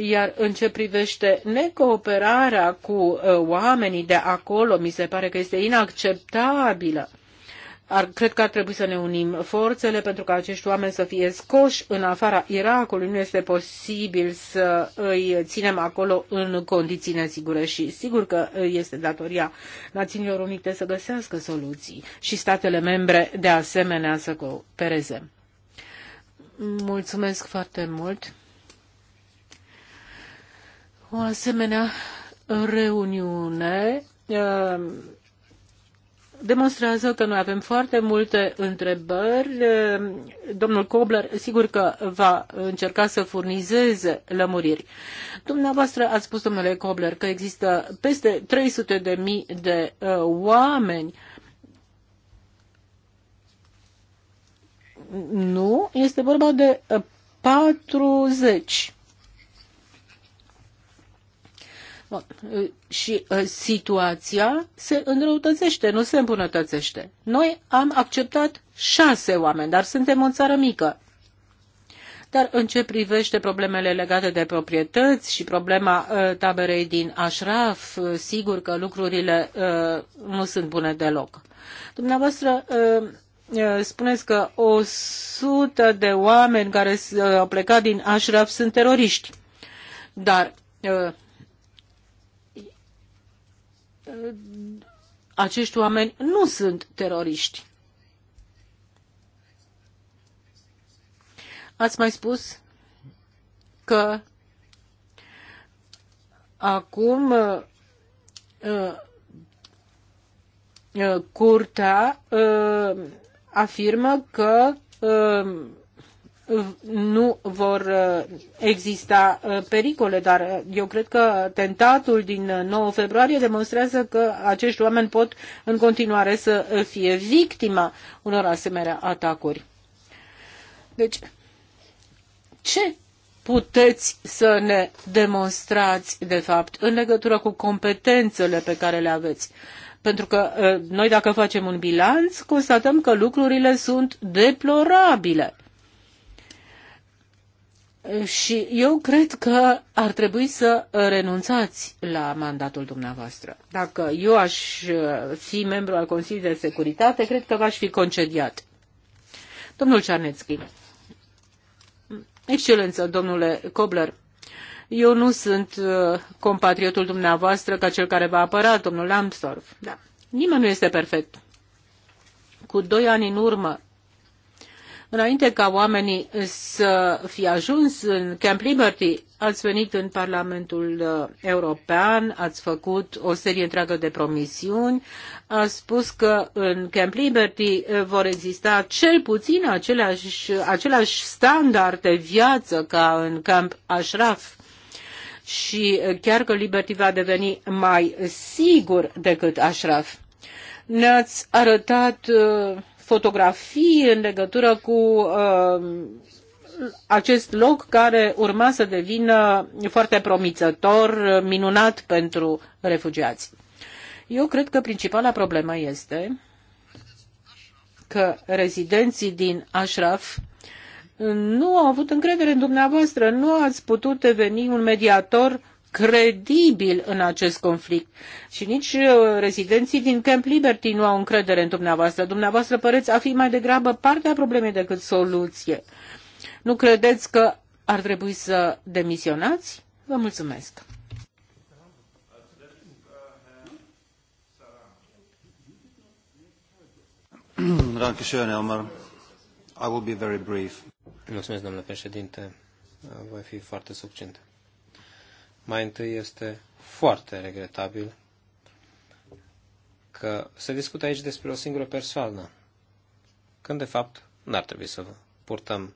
Speaker 2: Iar în ce privește necooperarea cu uh, oamenii de acolo, mi se pare că este inacceptabilă. Ar, cred că ar trebui să ne unim forțele pentru ca acești oameni să fie scoși în afara Irakului. Nu este posibil să îi ținem acolo în condiții nesigure și sigur că uh, este datoria Națiunilor Unite să găsească soluții și statele membre de asemenea să coopereze. Mulțumesc foarte mult o asemenea reuniune uh, demonstrează că noi avem foarte multe întrebări. Uh, domnul Kobler, sigur că va încerca să furnizeze lămuriri. Dumneavoastră ați spus, domnule Kobler, că există peste 300 de mii de uh, oameni. Nu, este vorba de 40 Bun. Și uh, situația se înrăutățește, nu se îmbunătățește. Noi am acceptat șase oameni, dar suntem o țară mică. Dar în ce privește problemele legate de proprietăți și problema uh, taberei din Ashraf, uh, sigur că lucrurile uh, nu sunt bune deloc. Dumneavoastră, uh, uh spuneți că 100 de oameni care uh, au plecat din Ashraf sunt teroriști. Dar acești oameni nu sunt teroriști. Ați mai spus că acum uh, uh, curtea uh, afirmă că nu vor uh, exista uh, pericole, dar uh, eu cred că atentatul din 9 februarie demonstrează că acești oameni pot în continuare să fie victima unor asemenea atacuri. Deci, ce puteți să ne demonstrați, de fapt, în legătură cu competențele pe care le aveți? Pentru că noi, dacă facem un bilanț, constatăm că lucrurile sunt deplorabile și eu cred că ar trebui să renunțați la mandatul dumneavoastră. Dacă eu aș uh, fi membru al Consiliului de Securitate, cred că v-aș fi concediat. Domnul Cernețchi, excelență, domnule Kobler, eu nu sunt uh, compatriotul dumneavoastră ca cel care va apăra domnul Lambsdorff. Da. Nimeni nu este perfect. Cu doi ani în urmă, Înainte ca oamenii să fi ajuns în Camp Liberty, ați venit în Parlamentul uh, European, ați făcut o serie întreagă de promisiuni, ați spus că în Camp Liberty uh, vor exista cel puțin aceleași, aceleași standard de viață ca în Camp Ashraf și uh, chiar că Liberty va deveni mai sigur decât Ashraf. Ne-ați arătat uh, fotografii în legătură cu uh, acest loc care urma să devină foarte promițător, minunat pentru refugiați. Eu cred că principala problemă este că rezidenții din Ashraf nu au avut încredere în dumneavoastră, nu ați putut deveni un mediator credibil în acest conflict. Și nici uh, rezidenții din Camp Liberty nu au încredere în dumneavoastră. Dumneavoastră păreți a fi mai degrabă partea problemei decât soluție. Nu credeți că ar trebui să demisionați? Vă mulțumesc.
Speaker 1: Mulțumesc, domnule președinte. Voi fi foarte succint. Mai întâi este foarte regretabil că se discută aici despre o singură persoană, când de fapt n-ar trebui să purtăm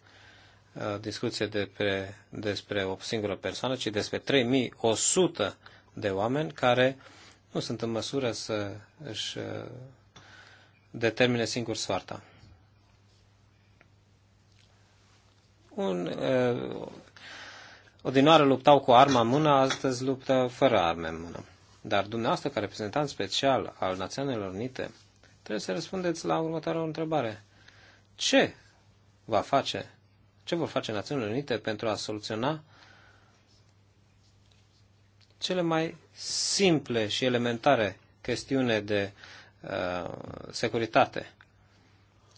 Speaker 1: uh, discuție de despre, despre o singură persoană, ci despre 3100 de oameni care nu sunt în măsură să își uh, determine singur soarta. Un uh, Odinoară luptau cu arma în mână, astăzi luptă fără arme în mână. Dar dumneavoastră, ca reprezentant special al Națiunilor Unite, trebuie să răspundeți la următoarea întrebare. Ce va face, ce vor face Națiunile Unite pentru a soluționa cele mai simple și elementare chestiune de uh, securitate?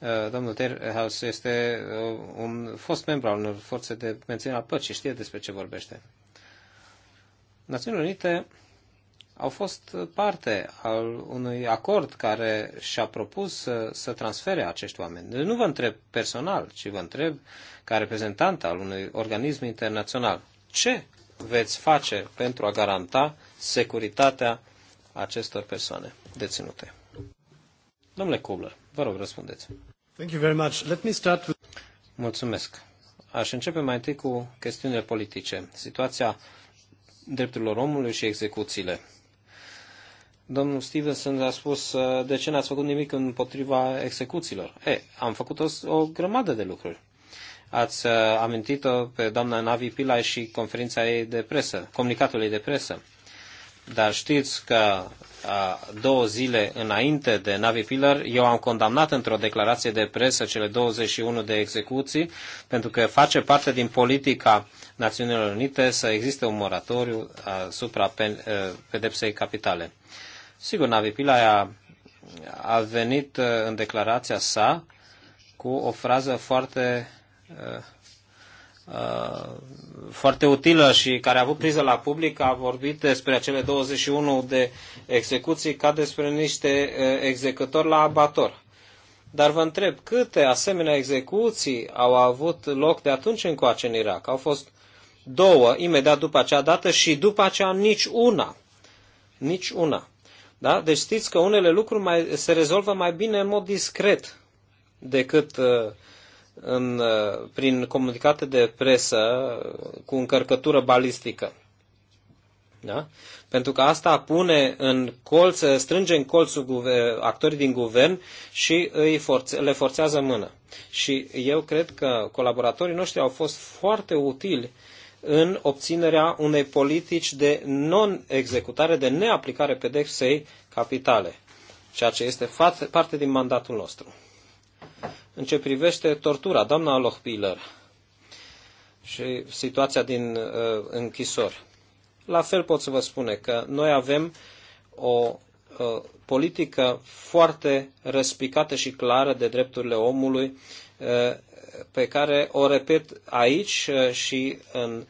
Speaker 1: Uh, domnul Terhaus este uh, un fost membru al unor forțe de menținere a păcii, știe despre ce vorbește. Națiunile Unite au fost parte al unui acord care și-a propus să, să transfere acești oameni. Deci nu vă întreb personal, ci vă întreb ca reprezentant al unui organism internațional. Ce veți face pentru a garanta securitatea acestor persoane deținute? Domnule Kubler, vă rog, răspundeți. Mulțumesc. Aș începe mai întâi cu chestiunile politice. Situația drepturilor omului și execuțiile. Domnul Stevenson a spus, uh, de ce n-ați făcut nimic împotriva execuțiilor? E, am făcut o, o grămadă de lucruri. Ați uh, amintit-o pe doamna Navi Pillai și conferința ei de presă, comunicatul ei de presă. Dar știți că două zile înainte de Navi Pillar, eu am condamnat într-o declarație de presă cele 21 de execuții, pentru că face parte din politica Națiunilor Unite să existe un moratoriu asupra pedepsei capitale. Sigur, Navi Pillai a, a venit în declarația sa cu o frază foarte uh, Uh, foarte utilă și care a avut priză la public, a vorbit despre acele 21 de execuții ca despre niște uh, execători la abator. Dar vă întreb, câte asemenea execuții au avut loc de atunci încoace în Irak? Au fost două imediat după acea dată și după aceea nici una. Nici una. Da? Deci știți că unele lucruri mai, se rezolvă mai bine în mod discret decât uh, în, uh, prin comunicate de presă uh, cu încărcătură balistică. Da? Pentru că asta pune în colț, uh, strânge în colțul guver, actorii din guvern și îi forțe, le forțează mână. Și eu cred că colaboratorii noștri au fost foarte utili în obținerea unei politici de non-executare, de neaplicare pedepsei capitale, ceea ce este parte din mandatul nostru în ce privește tortura, doamna Lochpiller și situația din uh, închisori. La fel pot să vă spune că noi avem o uh, politică foarte răspicată și clară de drepturile omului, uh, pe care o repet aici uh, și în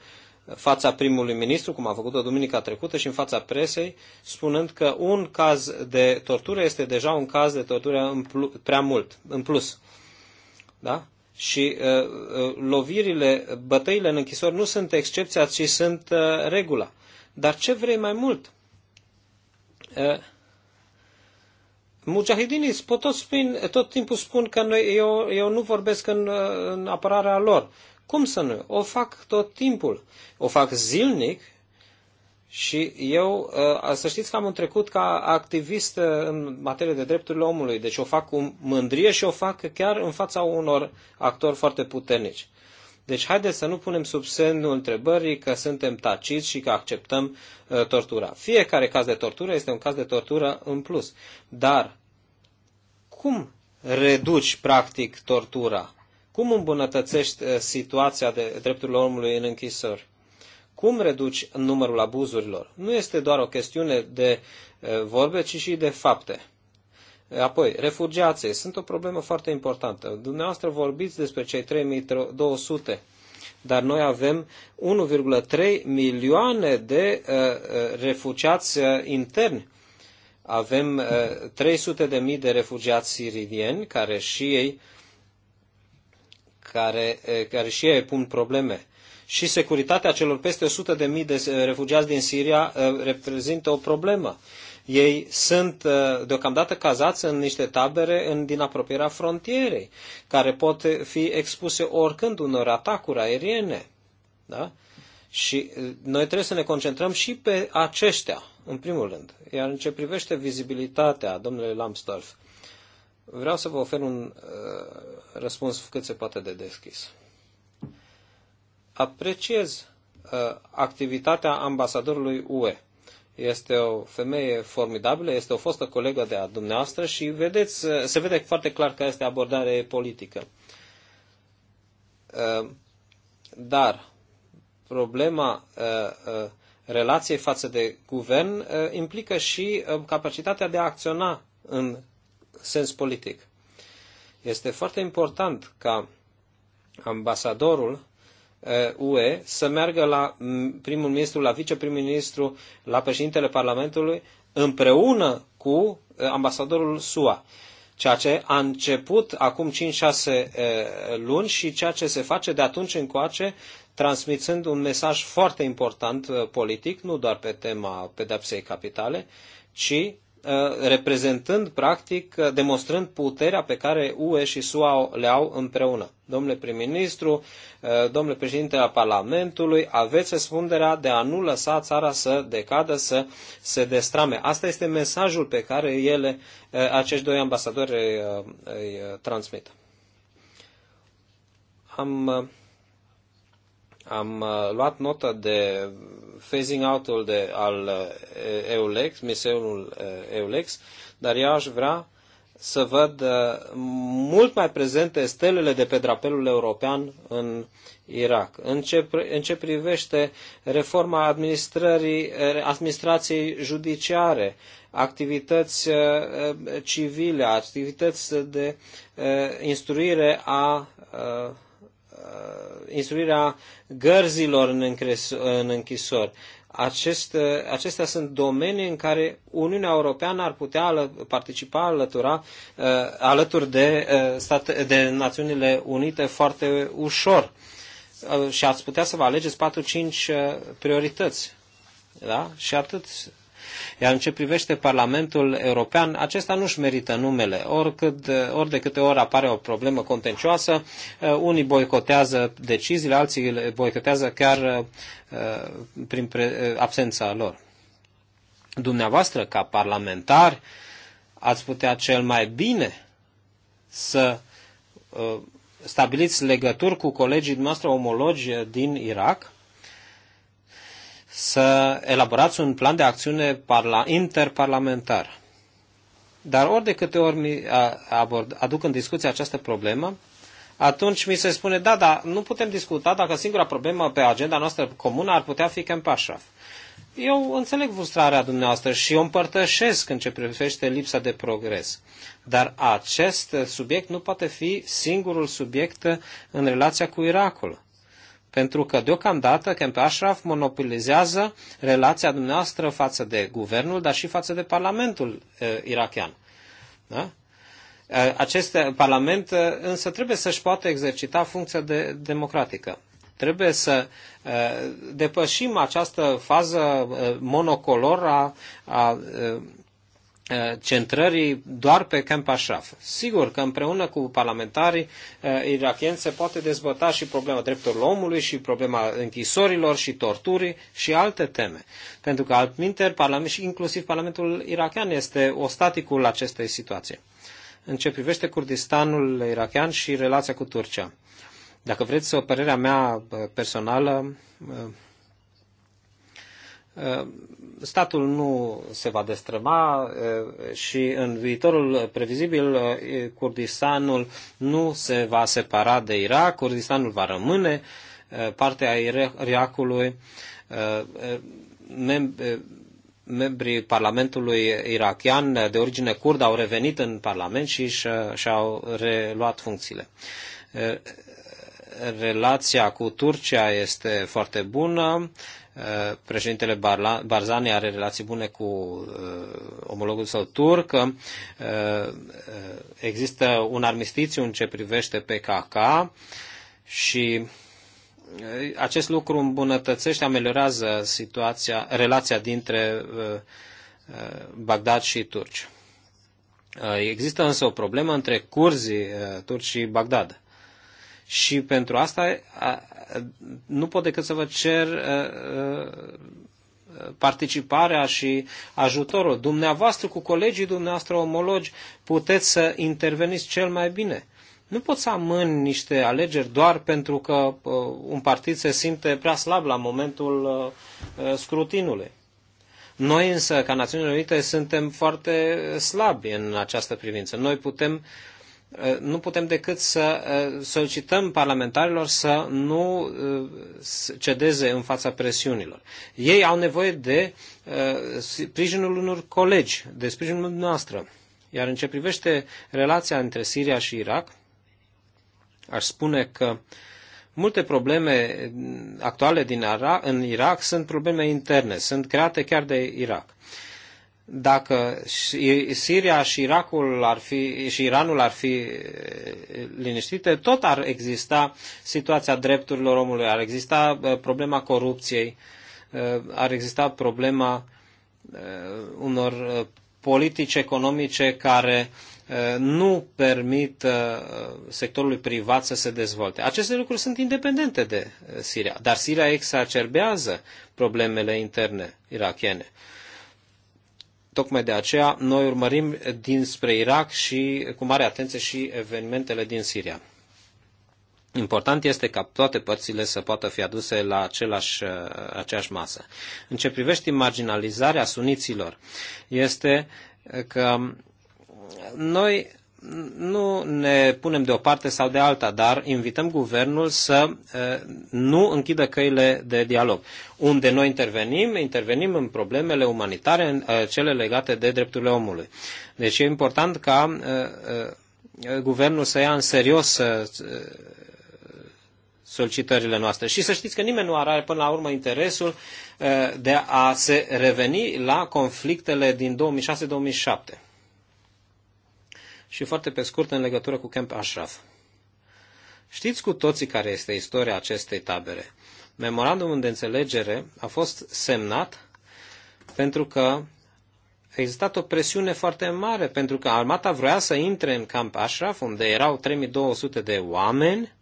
Speaker 1: fața primului ministru, cum a făcut-o duminica trecută și în fața presei, spunând că un caz de tortură este deja un caz de tortură în prea mult, în plus. Uh, da? Și uh, uh, lovirile, bătăile în închisori nu sunt excepția, ci sunt uh, regula. Dar ce vrei mai mult? Uh, Mujahidinii tot, spin, tot timpul spun că noi, eu, eu nu vorbesc în, uh, în apărarea lor. Cum să nu? O fac tot timpul. O fac zilnic și eu, uh, să știți că am un trecut ca activist uh, în materie de drepturile omului, deci o fac cu mândrie și o fac chiar în fața unor actori foarte puternici. Deci haideți să nu punem sub semnul întrebării că suntem taciți și că acceptăm uh, tortura. Fiecare caz de tortură este un caz de tortură în plus. Dar cum reduci practic tortura? Cum îmbunătățești situația de drepturilor omului în închisori? Cum reduci numărul abuzurilor? Nu este doar o chestiune de vorbe, ci și de fapte. Apoi, refugiații sunt o problemă foarte importantă. Dumneavoastră vorbiți despre cei 3200, dar noi avem 1,3 milioane de refugiați interni. Avem 300 de mii de refugiați sirieni care și ei care, care și ei pun probleme și securitatea celor peste 100.000 de, mii de eh, refugiați din Siria eh, reprezintă o problemă. Ei sunt eh, deocamdată cazați în niște tabere în, din apropierea frontierei, care pot fi expuse oricând unor atacuri aeriene. Da? Și noi trebuie să ne concentrăm și pe aceștia, în primul rând. Iar în ce privește vizibilitatea, domnule Lambsdorff, vreau să vă ofer un uh, răspuns cât se poate de deschis apreciez uh, activitatea ambasadorului UE. Este o femeie formidabilă, este o fostă colegă de a dumneavoastră și vedeți, uh, se vede foarte clar că este abordare politică. Uh, dar problema relației față de guvern implică și capacitatea de a acționa în sens politic. Este foarte important ca ambasadorul UE uh, să meargă la primul ministru, la viceprim-ministru, la președintele Parlamentului, împreună cu uh, ambasadorul SUA. Ceea ce a început acum 5-6 uh, luni și ceea ce se face de atunci încoace, transmițând un mesaj foarte important politic, nu doar pe tema pedepsei capitale, ci Uh, reprezentând, practic, uh, demonstrând puterea pe care UE și SUA le au împreună. Domnule prim-ministru, uh, domnule președinte al Parlamentului, aveți răspunderea de a nu lăsa țara să decadă, să se destrame. Asta este mesajul pe care ele, acești doi ambasadori îi transmit. Am am uh, luat notă de phasing out-ul de, al uh, EULEX, miseul uh, EULEX, dar eu aș vrea să văd mult mai prezente stelele de pe drapelul european în Irak. În ce, în ce privește reforma administrării, administrației judiciare, activități civile, activități de instruire a Uh, instruirea gărzilor în, în închisori. Acest, uh, acestea sunt domenii în care Uniunea Europeană ar putea participa alătura, uh, alături de, state, de Națiunile Unite foarte ușor și ați putea să vă alegeți 4-5 priorități. Da? Și atât iar în ce privește Parlamentul European, acesta nu-și merită numele. Oricât, ori de câte ori apare o problemă contencioasă, uh, unii boicotează deciziile, alții boicotează chiar uh, uh, prin absența lor. Dumneavoastră, ca parlamentari, ați putea cel mai bine să stabiliți legături cu colegii noastre omologi din Irak să elaborați un plan de acțiune interparlamentar. Dar ori de câte ori aduc în discuție această problemă, atunci mi se spune, da, dar nu putem discuta dacă singura problemă pe agenda noastră comună ar putea fi Camp Ashraf. Eu înțeleg frustrarea dumneavoastră și o împărtășesc în ce privește lipsa de progres. Dar acest subiect nu poate fi singurul subiect în relația cu Irakul. Pentru că deocamdată Camp Ashraf monopolizează relația dumneavoastră față de guvernul, dar și față de Parlamentul uh, irachian. Da? Uh, acest Parlament uh, însă trebuie să-și poată exercita funcția de, democratică. Trebuie să uh, depășim această fază uh, monocolor a, a uh, Eh, centrării doar pe Camp Ashraf. Sigur că împreună cu parlamentarii eh, irakieni se poate dezbăta și problema drepturilor omului și problema închisorilor și torturii și alte teme. Pentru că altminteri, parlament, și inclusiv Parlamentul irakian este ostaticul acestei situații. În ce privește Kurdistanul irakian și relația cu Turcia. Dacă vreți o părerea mea eh, personală, statul nu se va destrăma și în viitorul previzibil Kurdistanul nu se va separa de Irak, Kurdistanul va rămâne parte a Irakului. Membrii Parlamentului irachian de origine kurd au revenit în Parlament și și-au reluat funcțiile relația cu Turcia este foarte bună. Eh, președintele Barzani are relații bune cu eh, omologul său turc, eh, există un armistițiu în ce privește PKK și acest lucru îmbunătățește, ameliorează situația, relația dintre Bagdad și turci. Există însă o problemă între curzii turci și Bagdad. Și pentru asta nu pot decât să vă cer uh, uh, participarea și ajutorul. Dumneavoastră cu colegii dumneavoastră omologi puteți să interveniți cel mai bine. Nu pot să amân niște alegeri doar pentru că uh, un partid se simte prea slab la momentul uh, uh scrutinului. Noi însă, ca Națiunile Unite, suntem foarte slabi în această privință. Noi putem uh, Eh, nu putem decât să eh, solicităm parlamentarilor să nu eh, cedeze în fața presiunilor. Ei au nevoie de sprijinul unor colegi, de sprijinul noastră. Iar în ce privește relația între Siria și Irak, aș spune că multe probleme actuale din în Irak sunt probleme interne, sunt create chiar de Irak dacă Siria și Irakul ar fi, și Iranul ar fi liniștite, tot ar exista situația drepturilor omului, ar exista problema corupției, ar exista problema unor politici economice care nu permit sectorului privat să se dezvolte. Aceste lucruri sunt independente de Siria, dar Siria exacerbează problemele interne irachiene. Tocmai de aceea noi urmărim dinspre Irak și cu mare atenție și evenimentele din Siria. Important este ca toate părțile să poată fi aduse la același, aceeași masă. În ce privește marginalizarea suniților, este că noi nu ne punem de o parte sau de alta, dar invităm guvernul să nu închidă căile de dialog. Unde noi intervenim, intervenim în problemele umanitare, în cele legate de drepturile omului. Deci e important ca guvernul să ia în serios solicitările noastre. Și să știți că nimeni nu are până la urmă interesul de a se reveni la conflictele din 2006-2007 și foarte pe scurt în legătură cu Camp Ashraf. Știți cu toții care este istoria acestei tabere. Memorandumul de înțelegere a fost semnat pentru că a existat o presiune foarte mare, pentru că armata vrea să intre în Camp Ashraf, unde erau 3200 de oameni,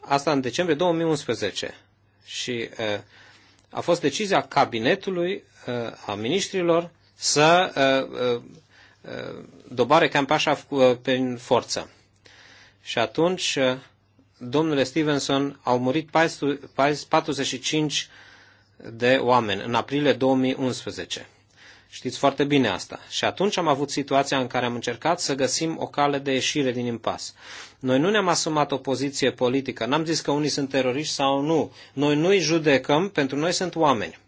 Speaker 1: asta în decembrie 2011. Și uh, a fost decizia cabinetului, uh, a ministrilor, să uh, uh, uh, dobare cam pe așa prin forță. Și atunci, domnule Stevenson, au murit 45 de oameni în aprilie 2011. Știți foarte bine asta. Și atunci am avut situația în care am încercat să găsim o cale de ieșire din impas. Noi nu ne-am asumat o poziție politică. N-am zis că unii sunt teroriști sau nu. Noi nu-i judecăm, pentru noi sunt oameni.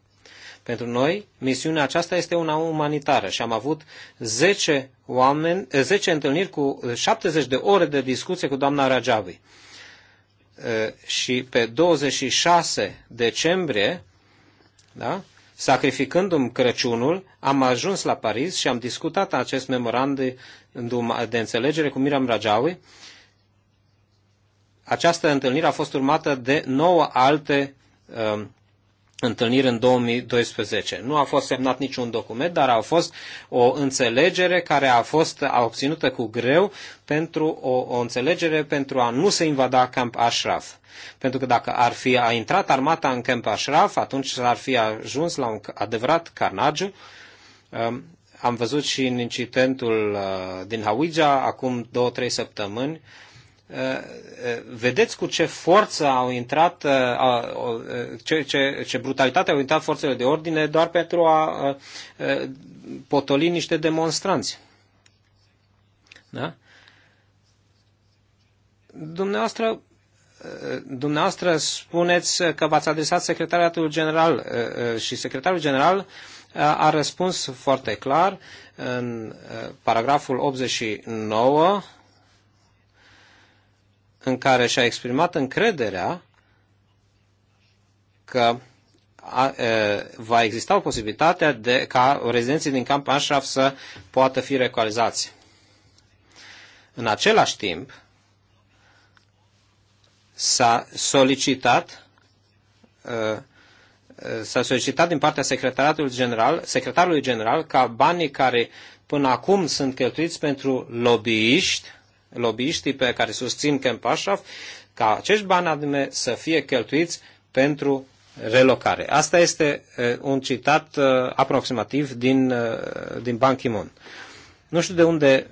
Speaker 1: Pentru noi, misiunea aceasta este una umanitară și am avut 10, oameni, 10 eh, întâlniri cu 70 de ore de discuție cu doamna Rajavi. Eh, și pe 26 decembrie, da, sacrificându-mi Crăciunul, am ajuns la Paris și am discutat acest memorandum de înțelegere cu Miram Rajawi. Această întâlnire a fost urmată de nouă alte eh, întâlniri în 2012. Nu a fost semnat niciun document, dar a fost o înțelegere care a fost a obținută cu greu pentru o, o înțelegere pentru a nu se invada Camp Ashraf. Pentru că dacă ar fi a intrat armata în Camp Ashraf, atunci ar fi ajuns la un adevărat Um, Am văzut și în incidentul uh, din Hawija acum două-trei săptămâni Uh, uh, vedeți cu ce forță au intrat, uh, ce, ce, ce brutalitate au intrat forțele de ordine doar pentru a potoli niște demonstranți. Da? Dumneavoastră, dumneavoastră spuneți că v-ați adresat secretariatul general și secretarul general a răspuns foarte clar în paragraful 89 în care și-a exprimat încrederea că a, e, va exista o posibilitate de, ca rezidenții din Camp Ashraf să poată fi recualizați. În același timp, s-a solicitat s-a solicitat din partea secretarului general, secretarului general ca banii care până acum sunt cheltuiți pentru lobbyiști lobbyiștii pe care susțin Camp Ashraf, ca acești bani anume să fie cheltuiți pentru relocare. Asta este uh, un citat uh, aproximativ din, uh, din Ban Ki-moon. Nu știu de unde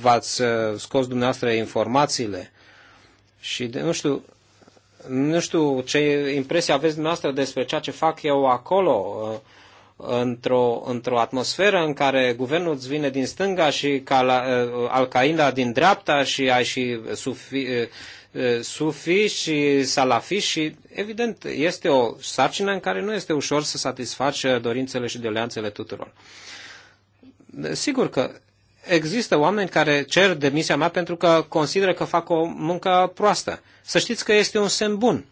Speaker 1: v-ați scos dumneavoastră informațiile și de, nu știu nu știu ce impresie aveți dumneavoastră despre ceea ce fac eu acolo într-o, într-o atmosferă în care guvernul îți vine din stânga și eh, Al-Qaeda din dreapta și ai și sufi, eh, eh, sufi și salafi și evident este o sarcină în care nu este ușor să satisface dorințele și doleanțele tuturor. Sigur că există oameni care cer demisia mea pentru că consideră că fac o muncă proastă. Să știți că este un semn bun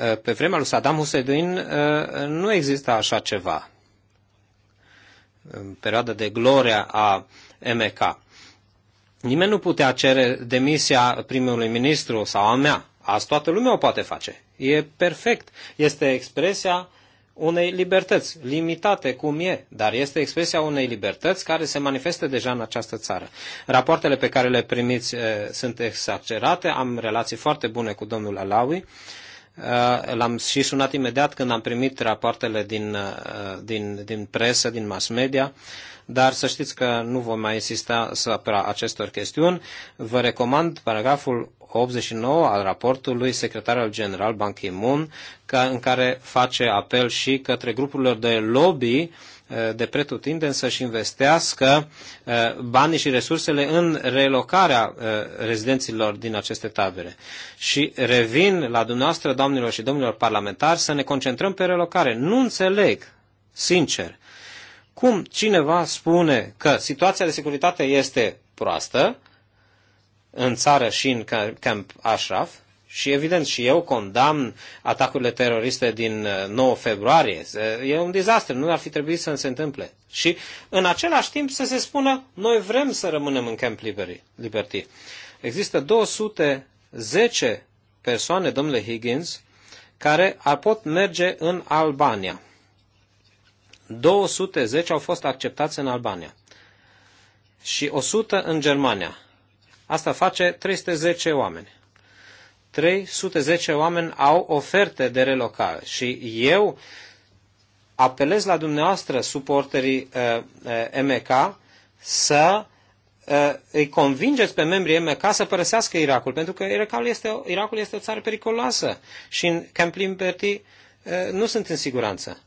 Speaker 1: Eh, pe vremea lui Saddam Hussein eh, nu exista așa ceva. În perioada de gloria a MK. Nimeni nu putea cere demisia primului ministru sau a mea. Asta toată lumea o poate face. E perfect. Este expresia unei libertăți, limitate cum e, dar este expresia unei libertăți care se manifestă deja în această țară. Rapoartele pe care le primiți e, eh, sunt exagerate, am relații foarte bune cu domnul Alawi Uh, l-am și sunat imediat când am primit rapoartele din, uh, din, din presă, din mass media, dar să știți că nu vom mai insista asupra acestor chestiuni. Vă recomand paragraful 89 al raportului secretarul general Ban Ki-moon, în care face apel și către grupurile de lobby uh, Eh, de pretutindeni să-și investească eh, banii și resursele în relocarea eh, rezidenților din aceste tabere. Și revin la dumneavoastră, doamnelor și domnilor parlamentari, să ne concentrăm pe relocare. Nu înțeleg, sincer, cum cineva spune că situația de securitate este proastă în țară și în Camp Ashraf, și evident, și eu condamn atacurile teroriste din 9 uh, februarie. E un dezastru, nu ar fi trebuit să se întâmple. Și în același timp să se spună, noi vrem să rămânem în Camp Liberty. Există 210 persoane, domnule Higgins, care ar pot merge în Albania. 210 au fost acceptați în Albania și 100 în Germania. Asta face 310 oameni. 310 oameni au oferte de relocare și eu apelez la dumneavoastră, suporterii uh, eh, uh, eh, MK, să uh, îi convingeți pe membrii MK să părăsească Irakul, pentru că Irakul este, Irakul este o țară periculoasă și în Camp Liberty uh, nu sunt în siguranță.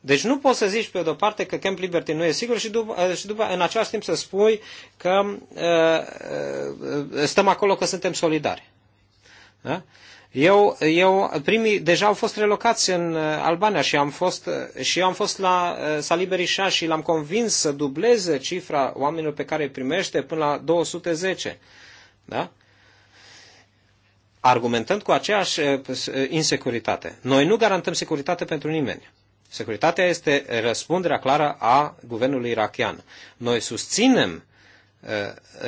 Speaker 1: Deci nu poți să zici pe de-o parte că Camp Liberty nu e sigur și după, și după în același timp să spui că uh, stăm acolo că suntem solidari. Da? Eu, eu, primii deja au fost relocați în uh, Albania și, am fost, uh, și eu am fost la uh, Saliberișa și l-am convins să dubleze cifra oamenilor pe care îi primește până la 210. Da? Argumentând cu aceeași insecuritate. Noi nu garantăm securitate pentru nimeni. Securitatea este răspunderea clară a guvernului irachian. Noi susținem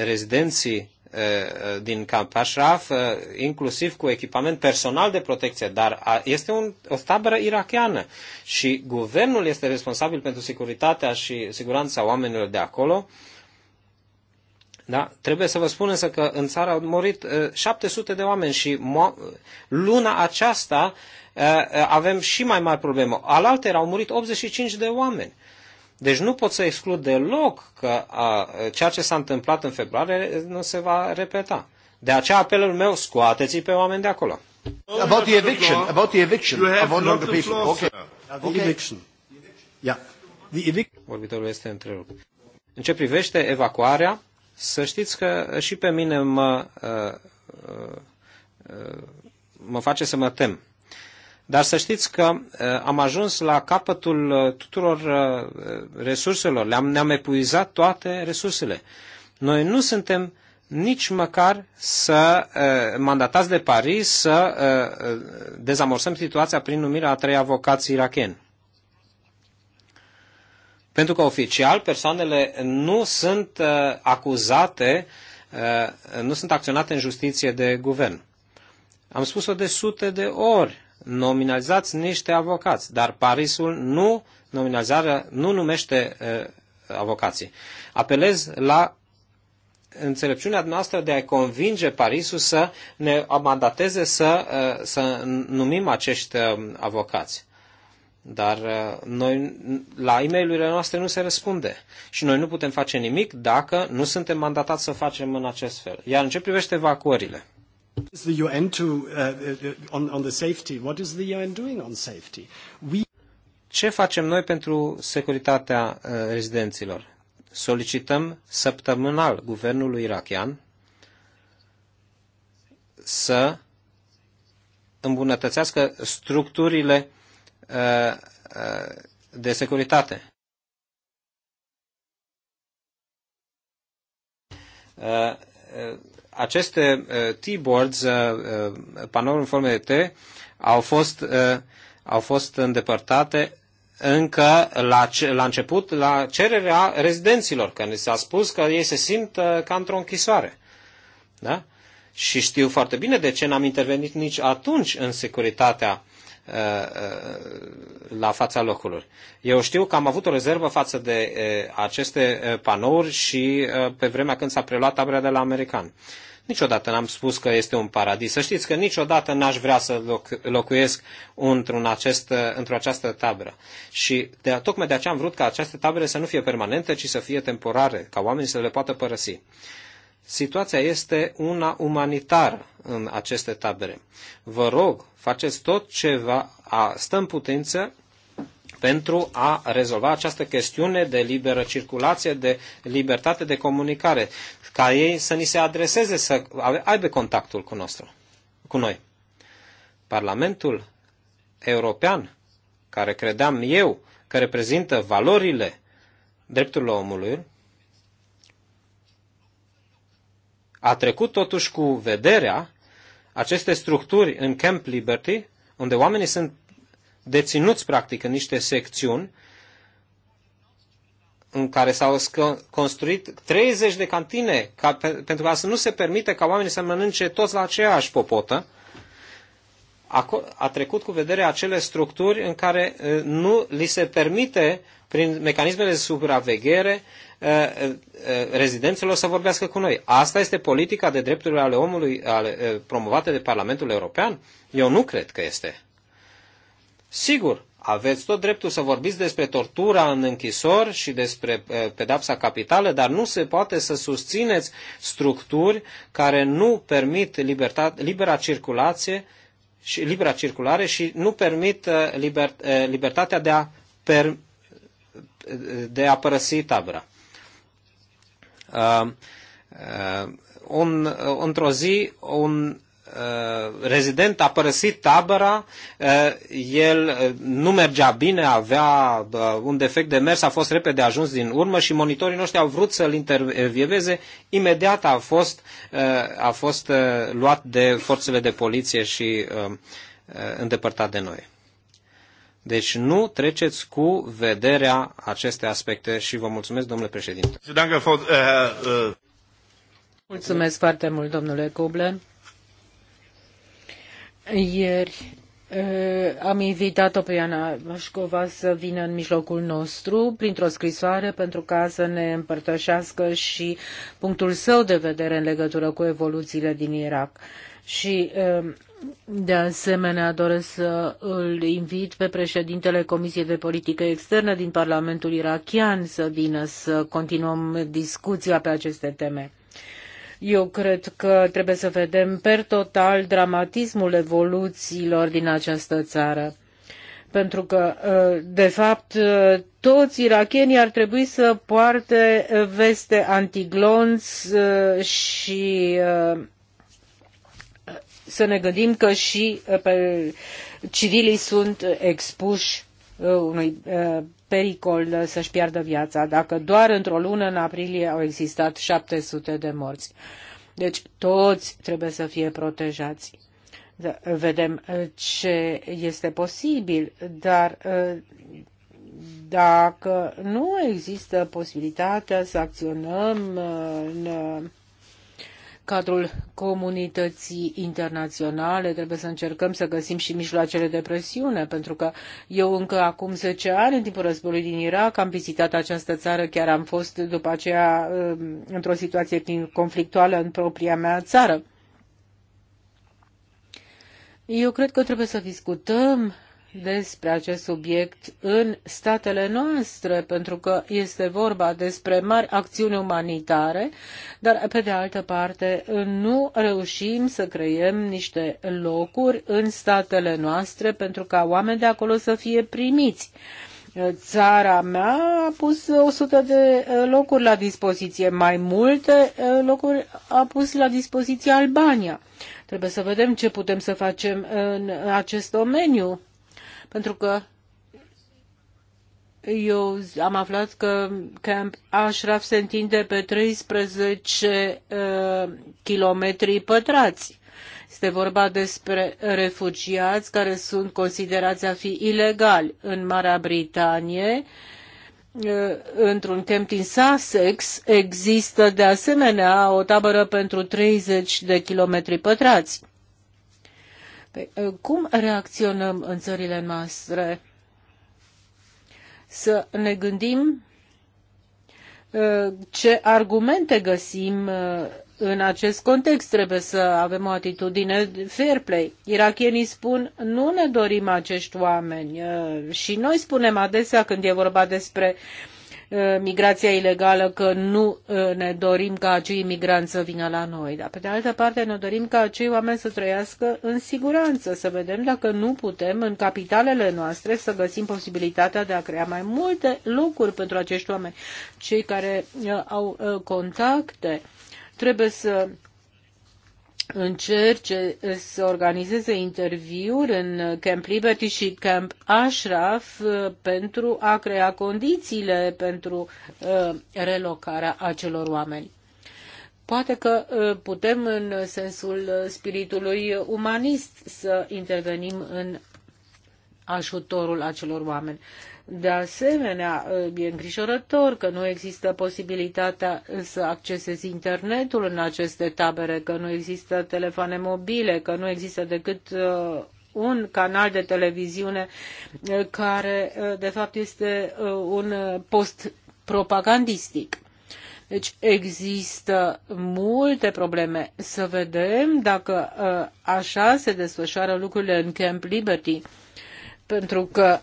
Speaker 1: rezidenții Uh, din Camp Ashraf, uh, inclusiv cu echipament personal de protecție, dar este un, o tabără irachiană și guvernul este responsabil pentru securitatea și siguranța oamenilor de acolo. Da? Trebuie să vă spun însă că în țară au murit 700 uh, de oameni și luna aceasta avem și mai mari probleme. Alaltă au murit 85 de oameni. Deci nu pot să exclud deloc că a, ceea ce s-a întâmplat în februarie nu se va repeta. De aceea apelul meu, scoateți pe oameni de acolo. About the eviction, about the eviction of the people. Okay. okay. The eviction. Yeah. The evic- Vorbitorul este întrerupt. În ce privește evacuarea, să știți că și pe mine mă, uh, uh, uh mă face să mă tem. Dar să știți că eh, am ajuns la capătul eh, tuturor eh, resurselor, le-am, ne-am epuizat toate resursele. Noi nu suntem nici măcar să mandatați de Paris să dezamorsăm situația prin numirea a trei avocați iracheni. Pentru că oficial persoanele nu sunt acuzate, nu sunt acționate în justiție de guvern. Am spus-o de sute de ori nominalizați niște avocați, dar Parisul nu, nominalizarea, nu numește uh, avocații. Apelez la înțelepciunea noastră de a convinge Parisul să ne mandateze să, uh, să numim acești uh, avocați. Dar uh, noi, la e mail noastre nu se răspunde și noi nu putem face nimic dacă nu suntem mandatați să facem în acest fel. Iar în ce privește evacuările? Is the UN to, uh, on, on the safety? What is the UN doing on safety? We... Ce facem noi pentru securitatea uh, rezidenților? Solicităm săptămânal guvernului irachian să îmbunătățească structurile uh, uh, de securitate. Uh, uh aceste uh, T-boards, uh, uh, panouri în formă de T, au fost, au fost îndepărtate încă la, la început, la cererea rezidenților, când s-a spus că ei se simt ca într-o închisoare. Da? Și știu foarte bine de ce n-am intervenit nici atunci în securitatea uh, Uh, uh, la fața locului. Eu știu că am avut o rezervă față de uh, aceste panouri și pe vremea când s-a preluat tabera de la american. Niciodată n-am spus că este un paradis. Să știți că niciodată n-aș vrea să locuiesc într-un acest, într-o această tabără. Și de, tocmai de aceea am vrut ca această tabere să nu fie permanentă, ci să fie temporare, ca oamenii să le poată părăsi. Uh, situația este una umanitară în aceste tabere. Vă rog, faceți tot ce va stă în putință pentru a rezolva această chestiune de liberă circulație, de libertate de comunicare, ca ei să ni se adreseze, să aibă contactul cu, nostru, cu noi. Parlamentul European, care credeam eu că reprezintă valorile drepturilor omului, a trecut totuși cu vederea aceste structuri în Camp Liberty, unde oamenii sunt deținuți practic în niște secțiuni în care s-au construit 30 de cantine ca, pe, pentru ca să nu se permite ca oamenii să mănânce toți la aceeași popotă, a, a trecut cu vedere acele structuri în care uh, nu li se permite, prin mecanismele de supraveghere, rezidenților să vorbească cu noi. Asta este politica de drepturile ale omului ale, promovată de Parlamentul European? Eu nu cred că este. Sigur, aveți tot dreptul să vorbiți despre tortura în închisori și despre pedapsa capitală, dar nu se poate să susțineți structuri care nu permit libertate, libera circulație și libera circulare și nu permit libertatea de a, per, de a părăsi tabăra. Uh, uh, un, într-o zi un uh, rezident a părăsit tabăra, el nu mergea bine, avea un defect de mers, a fost repede ajuns din urmă și monitorii noștri au vrut să-l intervieveze. Imediat a fost, a fost luat de forțele de poliție și îndepărtat de noi. Deci nu treceți cu vederea aceste aspecte și vă mulțumesc, domnule președinte.
Speaker 2: Mulțumesc foarte mult, domnule Coblen. Ieri eh, am invitat-o pe Iana Mașcova să vină în mijlocul nostru printr-o scrisoare pentru ca să ne împărtășească și punctul său de vedere în legătură cu evoluțiile din Irak. Și eh, de asemenea, doresc să îl invit pe președintele Comisiei de Politică Externă din Parlamentul Irakian să vină să continuăm discuția pe aceste teme. Eu cred că trebuie să vedem per total dramatismul evoluțiilor din această țară. Pentru că, ă, de fapt, ă, toți irakienii ar trebui să poarte veste antiglonți ă, și să ne gândim că și uh, pe civilii sunt uh, expuși uh, unui pericol să-și piardă viața, dacă doar într-o lună, în aprilie, au existat 700 de morți. Deci toți trebuie să fie protejați. Da, vedem ce este posibil, dar dacă nu există posibilitatea să acționăm în cadrul comunității internaționale, trebuie să încercăm să găsim și mijloacele de presiune, pentru că eu încă acum zece ani, în timpul războiului din Irak, am vizitat această țară, chiar am fost după aceea um, într-o situație conflictuală în propria mea țară. Eu cred că trebuie să discutăm despre acest subiect în statele noastre, pentru că este vorba despre mari acțiuni umanitare, dar, pe de altă parte, nu reușim să creăm niște locuri în statele noastre pentru ca oameni de acolo să fie primiți. Țara mea a pus 100 de locuri la dispoziție, mai multe eh, locuri a pus la dispoziție Albania. Trebuie să vedem ce putem să facem în acest domeniu pentru că eu am aflat că Camp Ashraf se întinde pe 13 uh, kilometri pătrați. Este vorba despre refugiați care sunt considerați a fi ilegali în Marea Britanie. Uh, într-un camp din Sussex există de asemenea o tabără pentru 30 de kilometri pătrați. Pe, păi, ă, cum reacționăm în țările noastre? Să ne gândim ă, ce argumente găsim ă, în acest context trebuie să avem o atitudine fair play. Irakienii spun nu ne dorim acești oameni și noi spunem adesea când e vorba despre uh, Uh, migrația ilegală, că nu uh, ne dorim ca acei migranți să vină la noi. Dar, pe de altă parte, ne dorim ca acei oameni să trăiască în siguranță, să vedem dacă nu putem în capitalele noastre să găsim posibilitatea de a crea mai multe locuri pentru acești oameni. Cei care uh, au contacte trebuie să încerce să organizeze interviuri în Camp Liberty și Camp Ashraf uh, pentru a crea condițiile pentru uh, relocarea acelor oameni. Poate că uh, putem în sensul spiritului umanist să intervenim în ajutorul acelor oameni. De asemenea, e îngrijorător că nu există posibilitatea să accesezi internetul în aceste tabere, că nu există telefoane mobile, că nu există decât uh, un canal de televiziune uh, care, uh, de fapt, este un post propagandistic. Deci există multe probleme. Să vedem dacă așa se desfășoară lucrurile în Camp Liberty pentru că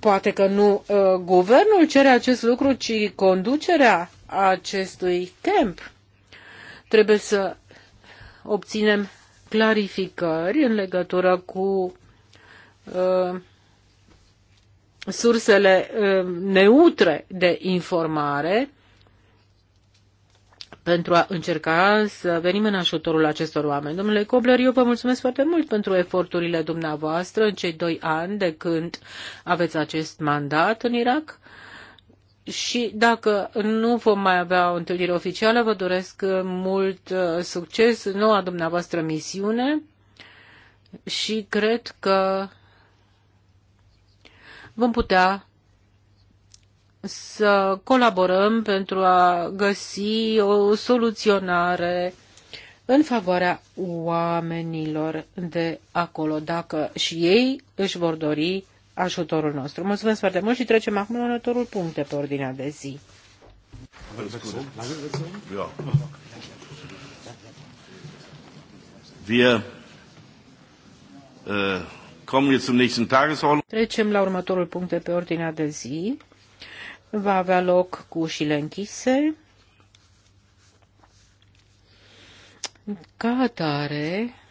Speaker 2: poate că nu guvernul cere acest lucru, ci conducerea acestui camp. Trebuie să obținem clarificări în legătură cu sursele neutre de informare pentru a încerca să venim în ajutorul acestor oameni. Domnule Cobler, eu vă mulțumesc foarte mult pentru eforturile dumneavoastră în cei doi ani de când aveți acest mandat în Irak. Și dacă nu vom mai avea o întâlnire oficială, vă doresc mult uh, succes în noua dumneavoastră misiune și cred că vom putea să colaborăm pentru a găsi o soluționare în favoarea oamenilor de acolo, dacă și ei își vor dori ajutorul nostru. Mulțumesc foarte mult și trecem acum la următorul punct de pe ordinea de zi. Äh, trecem la următorul punct de pe ordinea de zi va avea loc cu ușile închise. Ca atare,